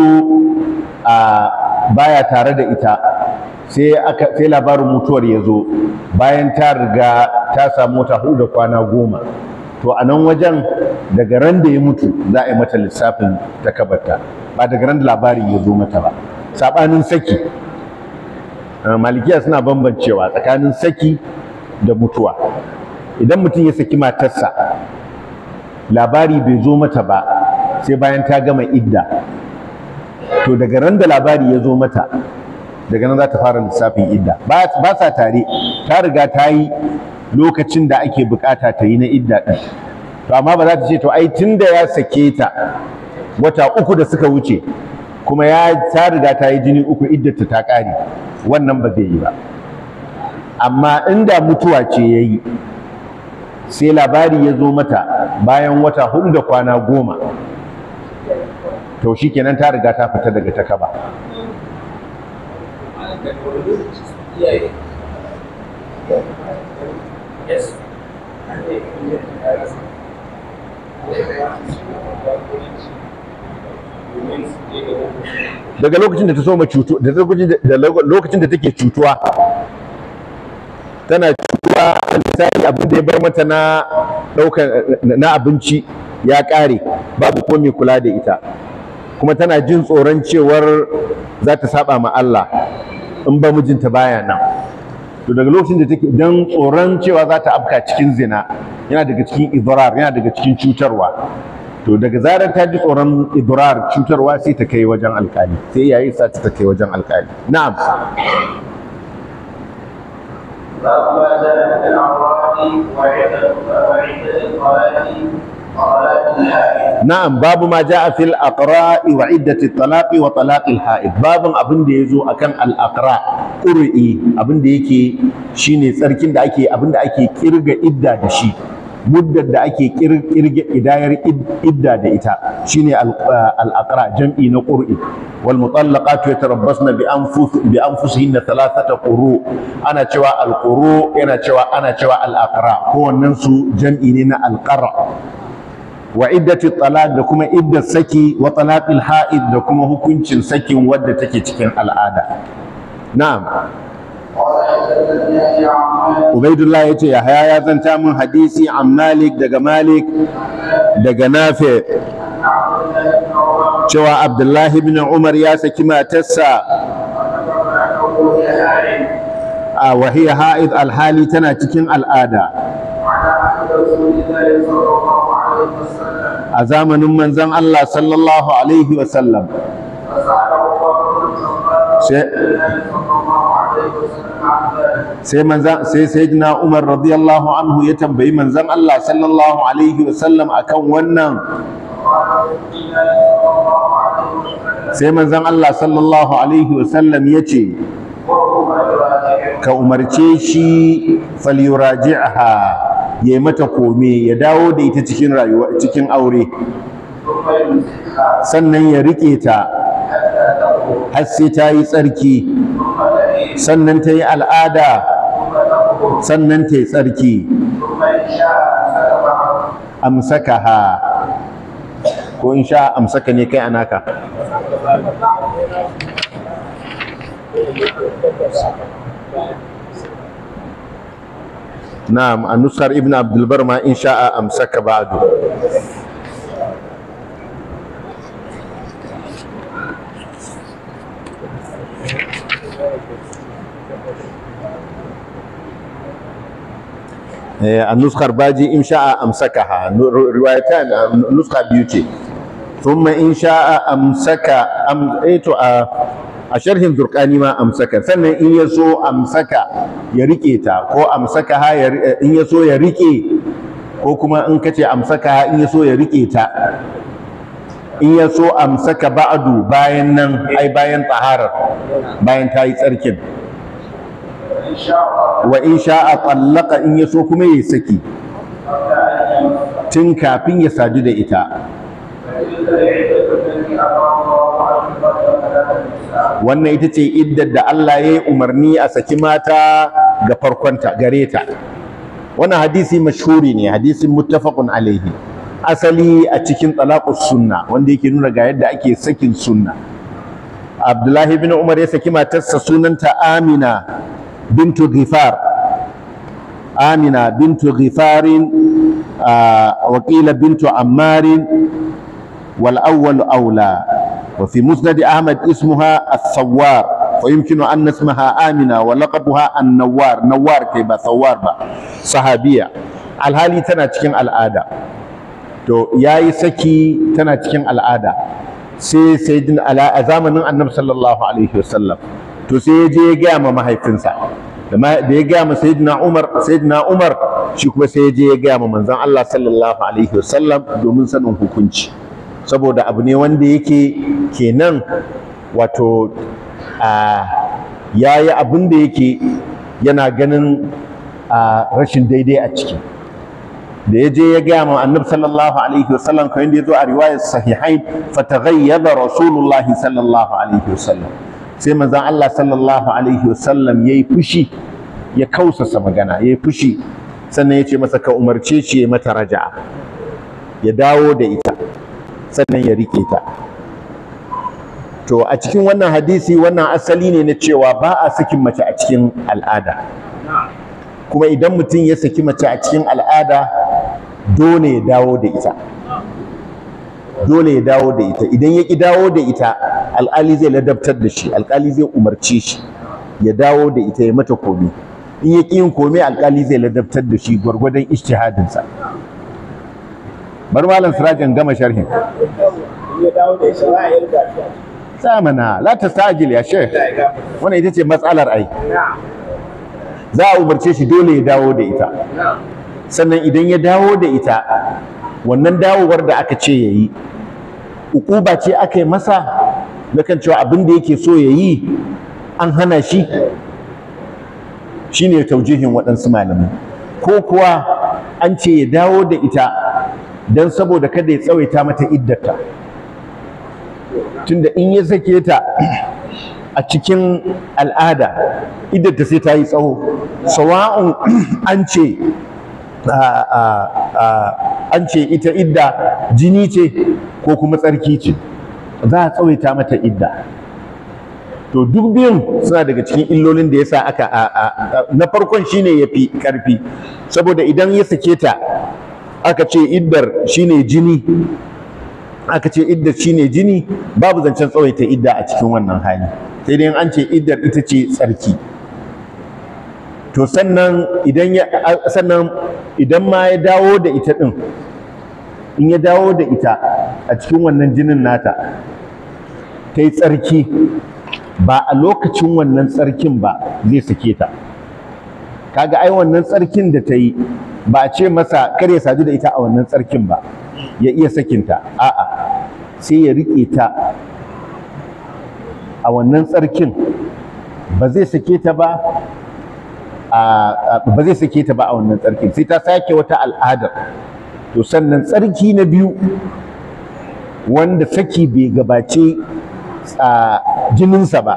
a baya tare da ita sai aka sai labarin mutuwar ya zo bayan ta riga ta samu ta hudu da kwana goma to a nan wajen daga ran da ya mutu za a yi mata lissafin ta ba daga ran da labarin ya zo mata ba sabanin saki malikiya suna bambancewa tsakanin saki da mutuwa idan mutum ya saki matarsa labari bai zo mata ba sai bayan ta gama idda to daga ran da labari ya zo mata daga nan za ta fara lissafin idda ba sa tare ta riga ta yi lokacin da ake bukata ta yi na idda ɗin to amma ba za ta ce to ai tun da ya sake ta wata uku da suka wuce kuma ya ta riga ta yi jini uku iddata ta ƙare wannan ba zai yi ba amma inda mutuwa ce ya yi sai labari ya zo mata bayan wata hudu da kwana goma to shi kenan ta riga ta fita daga ta kaba daga lokacin da ta soma cutu da lokacin da take cutuwa tana cutuwa misali abin da ya bar mata na na abinci ya ƙare babu komai kula da ita kuma tana jin tsoron cewar za ta saba ma Allah in ba mijinta baya nan to daga lokacin da take dan tsoron cewa za ta afka cikin zina yana daga cikin idrar yana daga cikin cutarwa to daga zarar ta ji tsoron idrar cutarwa sai ta kai wajen alkali sai yayi sa ta kai wajen alkali na'am باب ما جاء وعدة na'am babu ma ja'a fil aqra'i wa iddati talaqi wa talaqil ha'id babun abin da yazo akan al aqra qur'i abin da yake shine tsarkin da ake abin da ake kirga idda da shi muddar da ake kirga idayar idda da ita shine eh, al-aqra jam'i na qur'i wal mutallaqatu yatarabbasna bi anfus bi anfusihinna thalathata quru ana cewa al-quru yana cewa ana cewa al-aqra wannan su jam'i ne na al-qara wa iddatu talaq da kuma iddat saki wa talaqil ha'id da kuma hukuncin sakin wadda take cikin al'ada na'am Ubaidullah ya ce ya zanta min hadisi an Malik daga Malik daga Nafi cewa Abdullah ibn Umar ya saki matarsa a wahiya ha'id alhali tana cikin al'ada a zamanin manzan Allah sallallahu alaihi wasallam sai manzan sai Umar radiyallahu anhu ya tambayi manzan Allah sallallahu alaihi wasallam kan wannan sai manzan Allah sallallahu alaihi wasallam ya ce ka umarce shi falyuraji'aha ya yi mata kome ya dawo da ita cikin rayuwa cikin aure sannan ya riƙe ta har sai ta yi tsarki sannan ta yi al'ada sannan ta yi tsarki amsaka ha ko in sha amsaka ne kai anaka Thank نعم النصر ابن عبد البر ما إن شاء أمسك بعده النسخة باجي إن شاء أمسكها روايتان النسخة بيوتي ثم إن شاء أمسك أم إيه آه، a sharhin Durkani ma amsaka sannan in ya so amsaka ya rike ta ko amsaka ha in ya so ya rike ko kuma in kace amsaka ha in ya so ya rike ta in ya so amsaka ba'du bayan nan ai bayan taharar bayan ta yi tsarkin wa in sha'a tallaka in ya so kuma ya saki tun kafin ya sadu da ita wannan ita ce iddar da Allah ya yi umarni a saki mata ga farkonta gare ta wannan hadisi mashuri ne hadisin muttafaqun alaihi asali a cikin talaqus sunna wanda yake nuna ga yadda ake sakin sunna Abdullahi bin Umar ya saki matarsa sunanta Amina bintu Ghifar Amina bintu Ghifarin ah, wakila bintu Ammarin والأول أولى وفي مسند أحمد اسمها الثوار ويمكن أن نسمها آمنة ولقبها النوار نوار ba ثوار ba. Sahabiya, alhali tana cikin al'ada to yayi saki tana cikin al'ada sai sayyidin a zamanin annabi sallallahu alaihi wasallam to sai je ya gaya ma mahaifinsa da ya gaya ma sayyidina umar sayyidina umar shi kuma sai ya ya gaya ma manzon Allah sallallahu alaihi wasallam domin sanin hukunci saboda abu ne wanda yake kenan wato ya yi abin da yake yana ganin rashin daidai a ciki da ya je ya gaya ma annab sallallahu alaihi wasallam kamar da ya zo a riwayar sahihain fataghayyada rasulullahi sallallahu alaihi wasallam sai manzon Allah sallallahu alaihi wasallam yayi fushi ya kausasa magana yayi fushi sannan ya ce masa ka umarce ce mata raja'a ya dawo da ita sannan ya rike ta to a cikin wannan hadisi wannan asali ne na cewa ba a sakin mace a cikin al'ada kuma idan mutum ya saki mace a cikin al'ada dole ya dawo da ita dole ya dawo da ita idan ya ki dawo da ita alƙali zai ladabtar da shi alƙali zai umarce shi ya dawo da ita ya mata komi in ya ƙi yin komi alƙali zai ladabtar da shi gwargwadon ishtihadinsa bar malam sirajin gama sharhin samana la sajil ya sheikh wannan ita ce matsalar ai za a umarce shi dole ya dawo da ita sannan idan ya dawo da ita wannan dawowar da aka ce yayi ukuba ce aka yi masa na kan cewa abin da yake so ya yi an hana shi shine taujihin waɗansu malamai ko kuwa an ce ya dawo da ita don saboda kada ya tsawaita mata iddata tunda in ya sake ta a cikin al'ada iddata sai ta yi tsawo sawa'un an ce an ce ita idda jini ce ko kuma tsarki ce za a tsawaita mata idda to duk biyun suna daga cikin illolin da ya sa aka na farkon shine fi karfi saboda idan ya sake ta aka ce iddar shine jini aka ce iddar shine jini babu zancen tsawaita idda a cikin wannan hali sai dai an ce iddar ita ce tsarki to sannan idan sannan idan ma ya dawo da ita din in ya dawo da ita a cikin wannan jinin nata ta yi tsarki ba a lokacin wannan tsarkin ba zai sake ta kaga ai wannan tsarkin da ta yi ba ce masa kar ya sadu da ita a wannan tsarkin ba ya iya sakinta a'a sai ya riƙe ta a wannan tsarkin ba zai sake ta ba a wannan tsarkin sai ta sake wata al'adar to sannan tsarki na biyu wanda saki bai gabace jininsa ba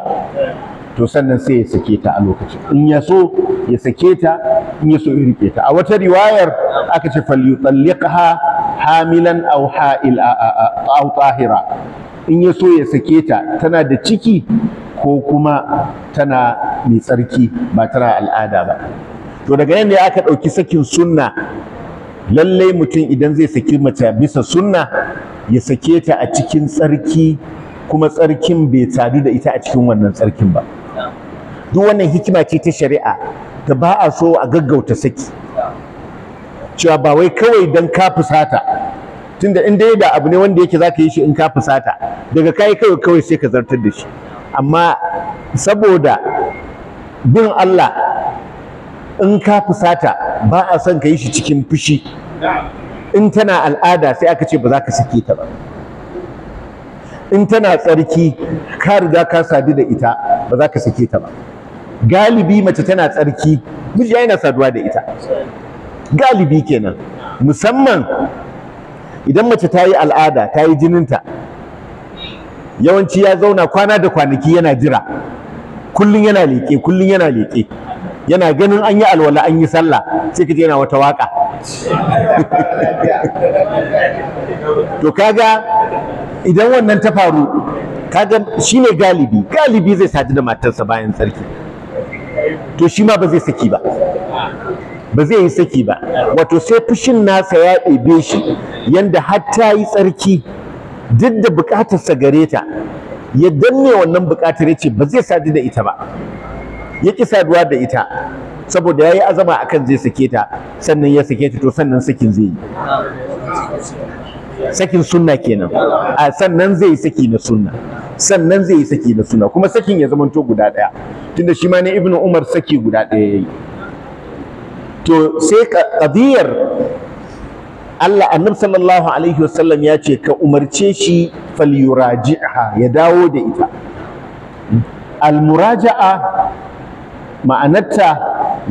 to sannan sai ya sake ta a lokacin in ya so ya sake ta in ya so ya rike ta a wata riwayar aka ce yutalliqha hamilan aw ha'il aw tahira in ya so ya sake ta tana da ciki ko kuma tana mai tsarki ba tana al'ada ba to daga yadda aka ɗauki sakin sunna lallai mutum idan zai saki mace bisa sunna ya sake ta a cikin tsarki kuma tsarkin bai tadu da ita a cikin wannan tsarkin ba duk wannan hikima ce ta shari'a da ba a so a gaggauta saki cewa ba wai kawai don ka fusata tunda in dai da abu ne wanda yake zaka yi shi in ka fusata daga kai kawai kawai sai ka zartar da shi amma saboda bin Allah in ka fusata ba a son ka yi shi cikin fushi in tana al'ada sai aka ce ba za ka sake ta ba in tana tsarki ka riga ka sadu da ita ba za ka sake ta ba galibi mace tana tsarki miji yana saduwa da ita galibi kenan musamman idan mace ta yi al'ada ta yi jininta yawanci ya zauna kwana da kwanaki yana jira kullum yana leƙe kullum yana leƙe yana ganin an yi alwala an yi sallah sai kaje yana wata waka to kaga idan wannan ta faru kaga shine galibi galibi zai sadu da matarsa bayan tsarki to shi ma ba zai saki ba ba zai yi saki ba wato sai fushin nasa ya ɗebe shi yanda har ta yi tsarki duk da sa gare ta ya danne wannan buƙatar ya ce ba zai sadu da ita ba ya ƙi saduwa da ita saboda ya yi azama akan zai sake ta sannan ya sake ta to sannan sakin zai yi sakin sunna kenan a sannan zai saki na sunna sannan zai yi saki na sunna kuma sakin ya zamanto guda daya tunda shi ma ne ibnu umar saki guda daya yayi to sai qadiyar Allah annab sallallahu alaihi wasallam ya ce ka umarce shi fal yuraji'ha ya dawo da ita al muraja'a ma'anarta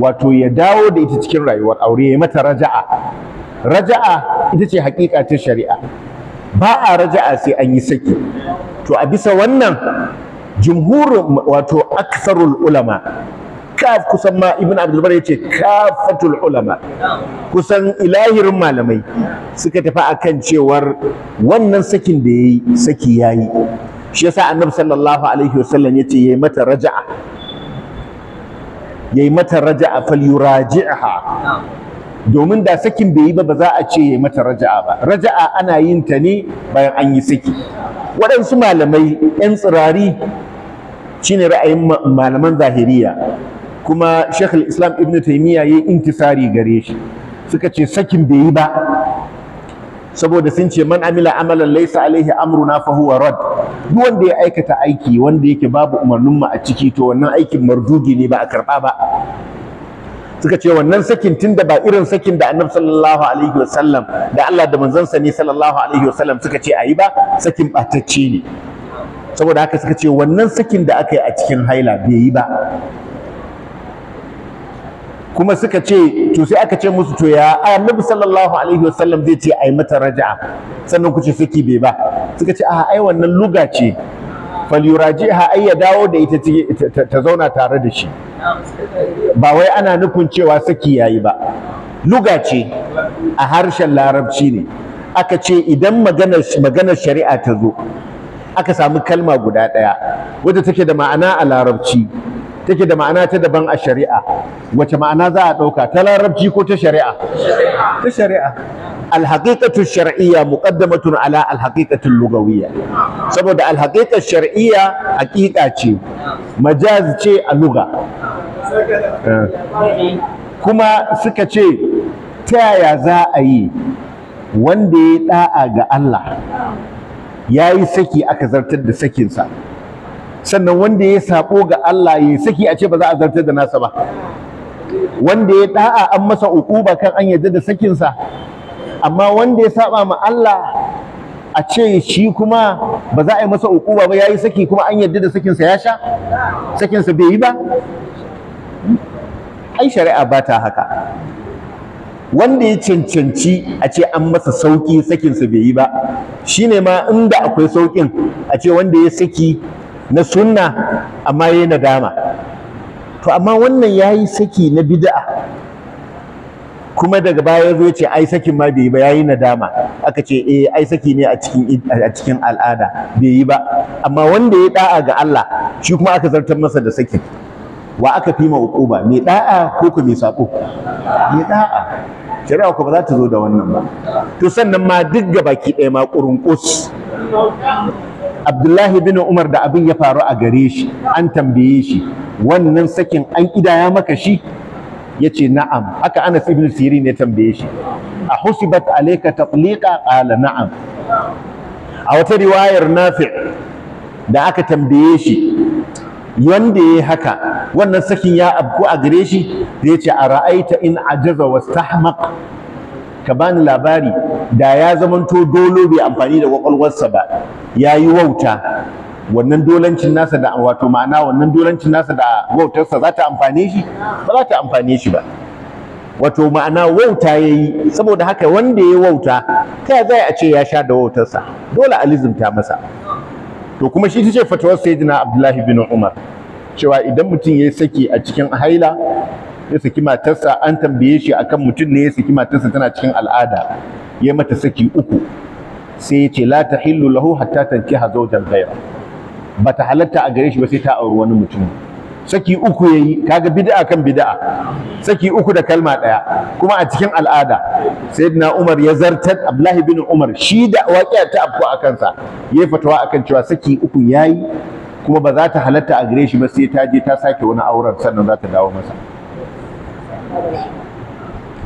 wato ya dawo da ita cikin rayuwar aure ya mata raja'a raja'a ita ce hakika ta shari'a ba a raja'a sai an yi saki to a bisa wannan jumhurin wato aksarul ulama kaf kusan ma ibn abdulbar ya ce kafatul ulama kusan ilahir malamai suka tafi akan cewar wannan sakin da ya saki ya yi shi yasa annabi sallallahu alaihi wasallam ya ce ya yi mata raja'a ya yi mata raja'a falyuraji'aha domin da sakin bai yi ba ba za a ce ya mata raja'a ba raja'a ana yin ta ne bayan an yi saki waɗansu malamai 'yan tsirari shine ra'ayin malaman zahiriya kuma shekul islam ibn taimiyya ya yi intisari gare shi suka ce sakin bai yi ba saboda sun ce man amila amalan laisa alaihi amruna fa huwa rad duk wanda ya aikata aiki wanda yake babu umarnin mu a ciki to wannan aikin mardugi ne ba a karba ba suka ce wannan sakin da ba irin sakin da annabi sallallahu alaihi wasallam da Allah da manzansa ne sallallahu alaihi wasallam suka ce ayi ba sakin batacce ne saboda haka suka ce wannan sakin da aka yi a cikin haila bai yi ba kuma suka ce to sai aka ce musu to ya annabi sallallahu alaihi wasallam zai ce ayi mata raja'a sannan ku ce saki bai ba suka ce a ai wannan luga ce falyurajiha ai ya dawo da ita ta zauna tare da shi ba wai ana nufin cewa saki yayi ba luga ce a harshen larabci ne aka ce idan maganar shari'a ta zo aka samu kalma guda ɗaya wadda take da ma'ana a larabci take da ma'ana ta daban a shari'a wace ma'ana za a ɗauka ta larabci ko ta shari'a ta shari'a alhaqiqatu shar'iyya muqaddamatun ala alhaqiqatu lugawiyya saboda alhaqiqat shar'iyya haqiqa ce majaz ce a luga kuma suka ce ta yaya za a yi wanda ya da'a ga Allah yayi saki aka zartar da sakinsa sannan wanda ya sabo ga Allah ya saki a ce ba za a zartar da nasa ba wanda ya da'a an masa ukuba kan an yarda da sakinsa amma wanda ya saba ma Allah a ce shi kuma ba za a yi masa ukuba ba yayi saki kuma an yarda da sakinsa ya sha sakinsa bai yi ba ai shari'a ba ta haka wanda ya cancanci a ce an masa sauki sakinsa bai yi ba shine ma inda akwai saukin a ce wanda ya saki na sunna amma yayi nadama to amma wannan yayi saki na bid'a kuma daga baya zo ce ai sakin ma bai yi ba yayi nadama aka ce eh ai saki ne a cikin a cikin al'ada bai yi ba amma wanda ya da'a ga Allah shi kuma aka zartar masa da sakin wa aka fima uquba mai da'a ko ku mai sako mai da'a shari'a ku ba za ta zo da wannan ba to sannan ma duk ki ɗaya ma ƙurunƙus abdullahi bin umar da abin ya faru a gare shi an tambaye shi wannan sakin an idaya maka shi ya ce na'am haka anas ibn sirin ya tambaye shi a husibat alaika taqliqa qala na'am a wata riwayar nafi' da aka tambaye shi yanda yayi haka wannan sakin ya abku a gare shi da yace a ra'aita in ajaza wastahmaq ka bani labari da ya zamanto dolo bai amfani da kwakwalwarsa ba ya yi wauta wannan dolancin nasa da wato ma'ana wannan dolancin nasa da wautarsa za ta amfane shi ba za ta amfane shi ba wato ma'ana wauta ya yi saboda haka wanda ya wauta ta ya zai a ce ya sha da wautarsa dole a lizimta masa to kuma shi ta ce fatawar sayyidina abdullahi bin umar cewa idan mutum ya saki a cikin haila ya saki matarsa an tambaye shi akan mutum ne ya saki matarsa tana cikin al'ada ya mata saki uku sai ya ce la tahillu lahu hatta tankiha zawjan ghayra bata halatta a gare shi ba sai ta auri wani mutum saki uku yayi kaga bid'a kan bid'a saki uku da kalma daya kuma a cikin al'ada sayyidina Umar ya zartar Abdullahi bin Umar shi da waqi'a ta afku akan sa yayi fatawa akan cewa saki uku yayi kuma ba za ta halatta a gare shi ba sai ta je ta sake wani auren sannan za ta dawo masa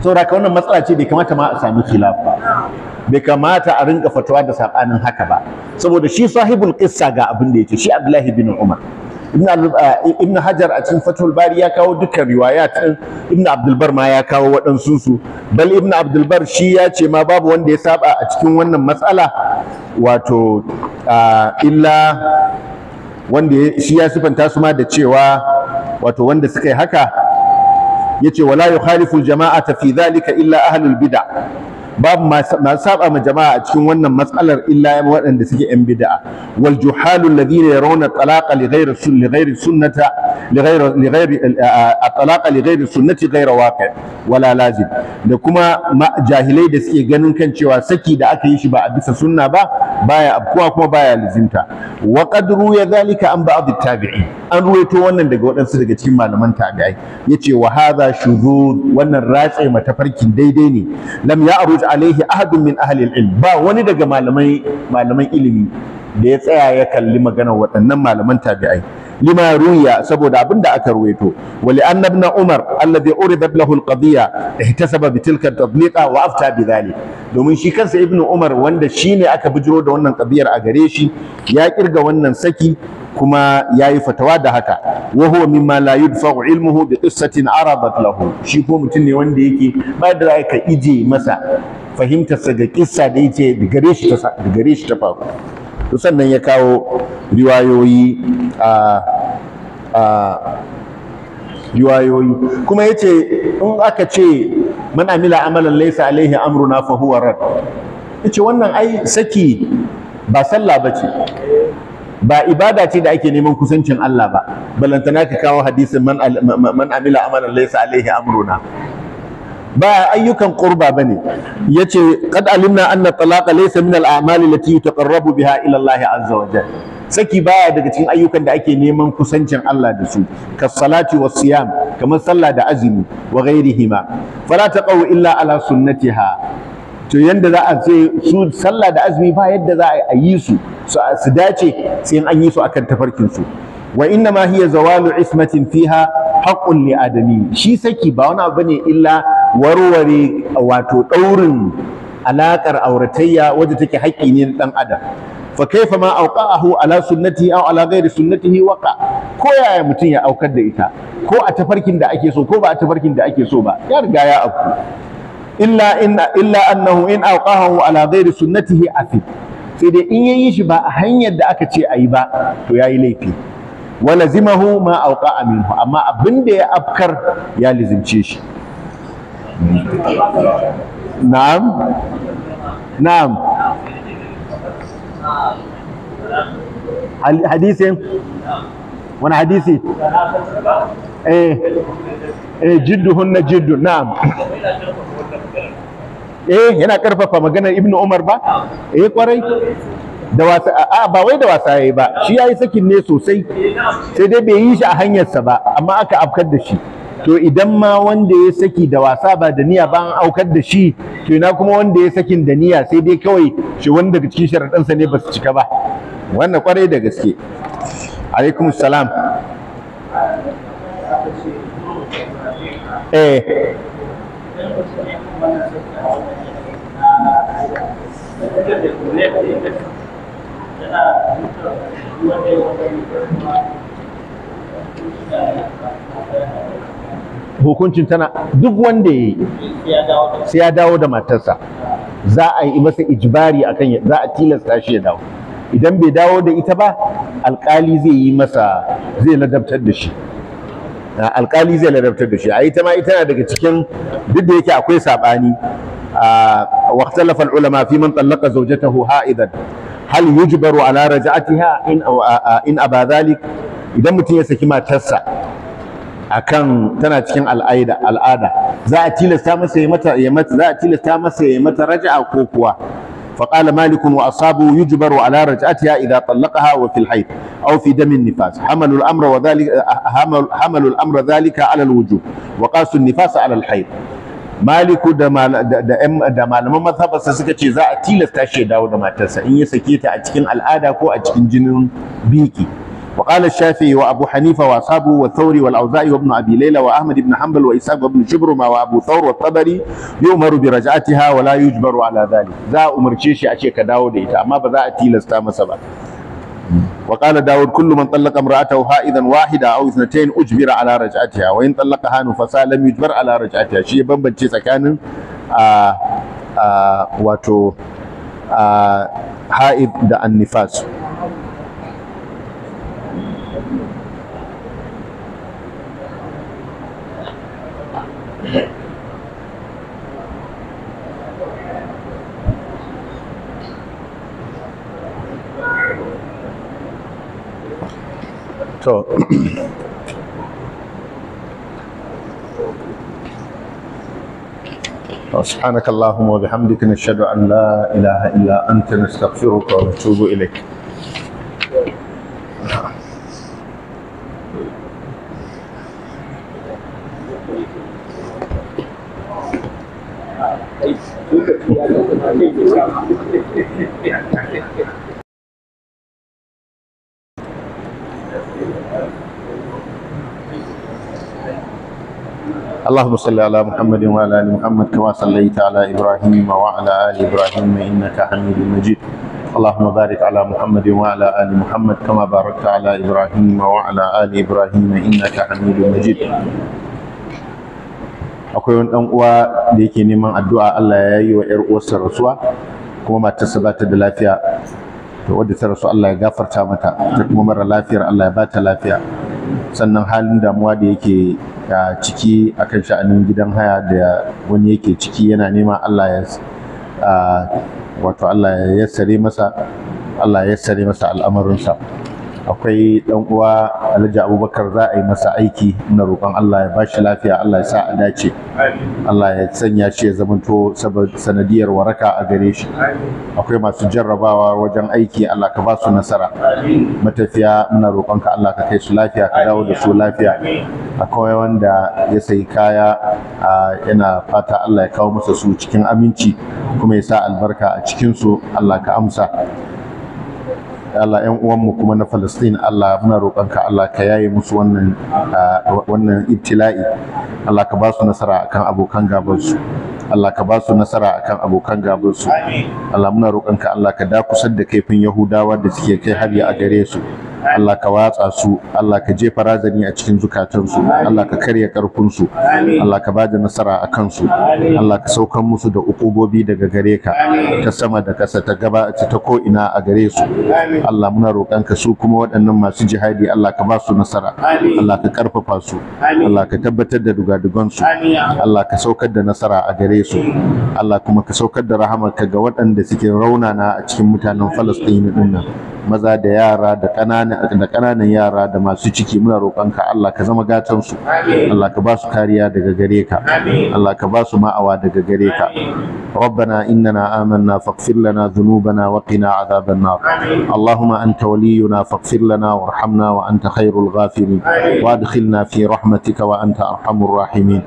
saboda ka wannan matsala ce bai kamata ma a sami khilaf ba bai kamata a rinka fatawa da sabanin haka ba saboda shi sahibul qissa ga abin da yake shi Abdullahi bin Umar ibn Hajar a cikin Fathul Bari ya kawo dukkan riwayat din ibn Abdul Bar ma ya kawo waɗansu su bal ibn Abdul Bar shi ya ce ma babu wanda ya saba a cikin wannan matsala wato illa wanda shi ya sifanta su ma da cewa wato wanda suka yi haka yace wala yukhalifu aljama'ata fi dhalika illa ahlul bid'a babu masu saba ma jama'a a cikin wannan matsalar illa waɗanda suke yan bid'a wal juhalu alladhina yarawna talaqa li ghayri li ghayri sunnata li ghayri li ghayri talaqa li ghayri sunnati ghayra waqi wala lazim da kuma jahilai da suke ganin kan cewa saki da aka yi shi ba a bisa sunna ba baya abkuwa kuma baya lazimta wa qad ruya dhalika an ba'd tabi'i an ruwaito wannan daga waɗansu daga cikin malaman tabi'ai yace wa hadha shudud wannan ratse mata farkin daidai ne lam ya ya'ruj ya'ud alaihi ahadun min ahli ilm ba wani daga malamai, malaman ilimi da ya tsaya ya kalli maganar waɗannan malaman tabi'ai lima ruya saboda abin da aka ruwaito wa li anna ibn umar alladhi uridat lahu da ihtasaba bi tilka tadliqa wa afta bi dhalik domin shi kansa ibn umar wanda shine aka bijiro da wannan qadiyar a gare shi ya kirga wannan saki kuma yayi fatawa da haka wa huwa mimma la yudfa'u ilmuhu bi qissatin aradat lahu shi ko mutum ne wanda yake ba da ka ije masa fahimtarsa ga kissa da yake da gare shi ta faru to sannan ya kawo riwayoyi a riwayoyi kuma yace in aka ce man amila amalan laysa alaihi amruna fa huwa rad yace wannan ai saki ba sallah bace ba ibada ce da ake neman kusancin Allah ba balantana ka kawo hadisin man amila amalan laysa alaihi amruna ba ayyukan qurba bane yace qad alimna anna talaqa laysa min al-a'mali allati yutaqarrabu biha ila Allah azza wa jalla saki baya daga cikin ayyukan da ake neman kusancin Allah da su kas salati was siyam kamar sallah da azumi wa ghairihima fala taqaw illa ala sunnatiha to yanda za a ce su sallah da azumi ba yadda za a yi su su dace sai an yi su akan tafarkin su wa inna ma hiya zawalu ismatin fiha haqqun li adami shi saki ba wani abu ne illa warware wato ɗaurin alaƙar auratayya wadda take haƙƙi ne na ɗan adam fa kaifa ma auqa'ahu ala sunnati aw ala ghairi sunnatihi waqa ko yaya mutum ya aukar da ita ko a tafarkin da ake so ko ba a tafarkin da ake so ba ya riga ya auku illa in illa annahu in auqa'ahu ala ghairi sunnatihi afi sai dai in yayi shi ba a hanyar da aka ce ayi ba to yayi laifi lazimahu ma auqa'a minhu amma abin da ya afkar ya lazimce shi نعم hadisi, wani hadisi, حديثي ايه ايه جدهن جد نعم eh yana karfafa maganar ibnu umar ba eh kwarai da wasa a ba wai da wasa yayi ba shi yayi sakin ne sosai sai dai bai yi shi a hanyarsa ba amma aka afkar da shi to idan ma wanda ya saki da wasa ba da niyya ba an aukar da shi to ina kuma wanda ya sakin da niyya sai dai kawai shi wanda daga cikin sharaɗansa ne ba su cika ba wannan kwarai da gaske alaikum salam eh hukuncin tana duk wanda ya yi sai ya dawo da matarsa za a yi masa ijibari akan za a tilasta shi ya dawo idan bai dawo da ita ba alkali zai yi masa zai ladabtar da shi ah, alkali zai ladabtar da shi a ita ma ita na daga cikin duk da yake akwai sabani واختلف ulama في من طلق زوجته haidan hal yujbaru ala raja'atiha in ah, ah, in aba zalik idan mutum ya saki matarsa akan tana cikin al'ada al'ada za a tilasta masa ya mata mata za a tilasta masa ya raja'a ko kuwa fa qala wa asabu yujbaru raj'atiha idha talaqaha wa fil hayd aw fi damin nifas hamalu al amra wa dhalika hamalu al amra dhalika ala wujub wa qasu an nifas ala al hayd maliku da da da malaman mazhabarsa suka ce za a tilasta shi dawo da matarsa in ya sake ta a cikin al'ada ko a cikin jinin biki وقال الشافعي وابو حنيفه واصحابه والثوري والاوزاعي وابن ابي ليلى واحمد بن حنبل واسحاق وابن جبرمه وابو ثور والطبري يؤمر برجعتها ولا يجبر على ذلك ذا امرتشي شي اشي كداو da ita amma ba za a tilasta masa ba وقال داود كل من طلق امرأته حائضا واحدة أو اثنتين أجبر على رجعتها وإن طلقها نفسا لم يجبر على رجعتها شيء بمبنشي سكان واتو حائض دا النفاس سبحانك اللهم وبحمدك نشهد أن لا إله إلا أنت نستغفرك ونتوب إليك اللهم صل على محمد وعلى ال محمد كما صليت على ابراهيم وعلى ال ابراهيم انك حميد مجيد اللهم بارك على محمد وعلى ال محمد كما باركت على ابراهيم وعلى ال ابراهيم انك حميد مجيد akwai wani dan uwa da yake neman addu'a Allah ya yi wa 'yar uwarsa rasuwa kuma matarsa sa bata da lafiya to wadda ta rasu Allah ya gafarta mata ta kuma mara lafiyar Allah ya bata lafiya sannan halin damuwa da yake ciki akan sha'anin gidan haya da wani yake ciki yana nema Allah ya wato Allah ya yassare masa Allah ya yassare masa sa akwai dan uwa Alhaji Abubakar za a yi masa aiki na roƙon Allah ya bashi lafiya Allah ya sa a dace Allah ya sanya shi ya zamanto sanadiyar waraka a gare shi akwai masu jarrabawa wajen aiki Allah ka ba su nasara matafiya muna roƙon ka Allah ka kai su lafiya ka dawo da su lafiya akwai wanda ya sayi kaya yana fata Allah ya kawo masa su cikin aminci kuma ya sa albarka a cikin su Allah ka amsa Allah ƴan uwanmu kuma na Palestine Allah muna ka Allah ka yaye musu wannan wannan ibtila'i Allah ka ba su nasara akan abokan su Allah ka ba su nasara akan abokan su Allah muna ka Allah ka dakusar da kaifin Yahudawa da suke kai har a gare su Allah ka watsa su Allah ka jefa razani a cikin zukatansu Allah ka karya karfinsu Allah ka bada nasara a kansu Allah ka saukan musu da ukubobi daga gare ka ta sama da kasa ta gaba ta ko ina a gare su Allah muna roƙanka su kuma waɗannan masu jihadi Allah ka ba su nasara Allah ka karfafa su Allah ka tabbatar da dugadugansu. su Allah ka saukar da nasara a gare su Allah kuma ka saukar da ka ga waɗanda suke raunana a cikin mutanen Falastin dinnan nan maza da yara da ƙanana da ƙananan yara da masu ciki muna roƙonka Allah ka zama gatan su Allah ka ba su kariya daga gare ka Allah ka ba su ma'awa daga gare ka ربنا إننا آمنا فاغفر لنا ذنوبنا وقنا عذاب النار اللهم أنت ولينا فاغفر لنا وارحمنا وأنت خير الغافرين وادخلنا في رحمتك وأنت أرحم الراحمين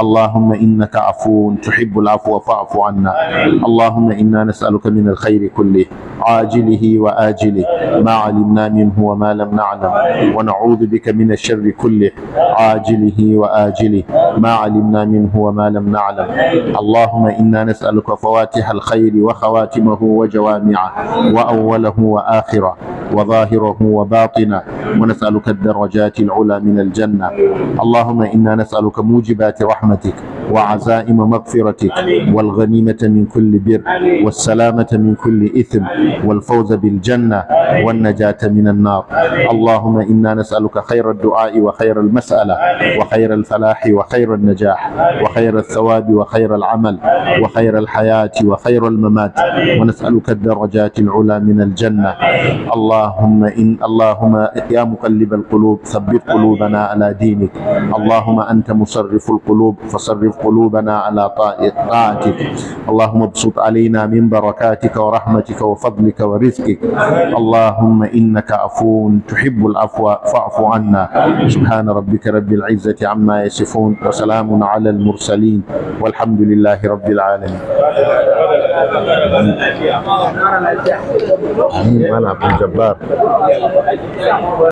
اللهم إنك عفو تحب العفو فاعف عنا اللهم إنا نسألك من الخير كله عاجله وآجله ما علمنا منه وما لم نعلم ونعوذ بك من الشر كله عاجله وآجله ما علمنا منه وما لم نعلم اللهم إنا نسألك فواتح الخير وخواتمه وجوامعه وأوله وآخره وظاهره وباطنه ونسألك الدرجات العلى من الجنة اللهم إنا نسألك موجبات رحمتك وعزائم مغفرتك والغنيمة من كل بر والسلامة من كل إثم والفوز بالجنة والنجاة من النار النار اللهم إنا نسألك خير الدعاء وخير المسألة وخير الفلاح وخير النجاح وخير الثواب وخير العمل وخير الحياة وخير الممات ونسألك الدرجات العلى من الجنة اللهم إن اللهم يا مقلب القلوب ثبت قلوبنا على دينك اللهم أنت مصرف القلوب فصرف قلوبنا على طاعتك اللهم ابسط علينا من بركاتك ورحمتك وفضلك ورزقك اللهم إنك عفو تكون تحب العفو فاعف عنا سبحان ربك رب العزة عما يصفون وسلام على المرسلين والحمد لله رب العالمين ملعب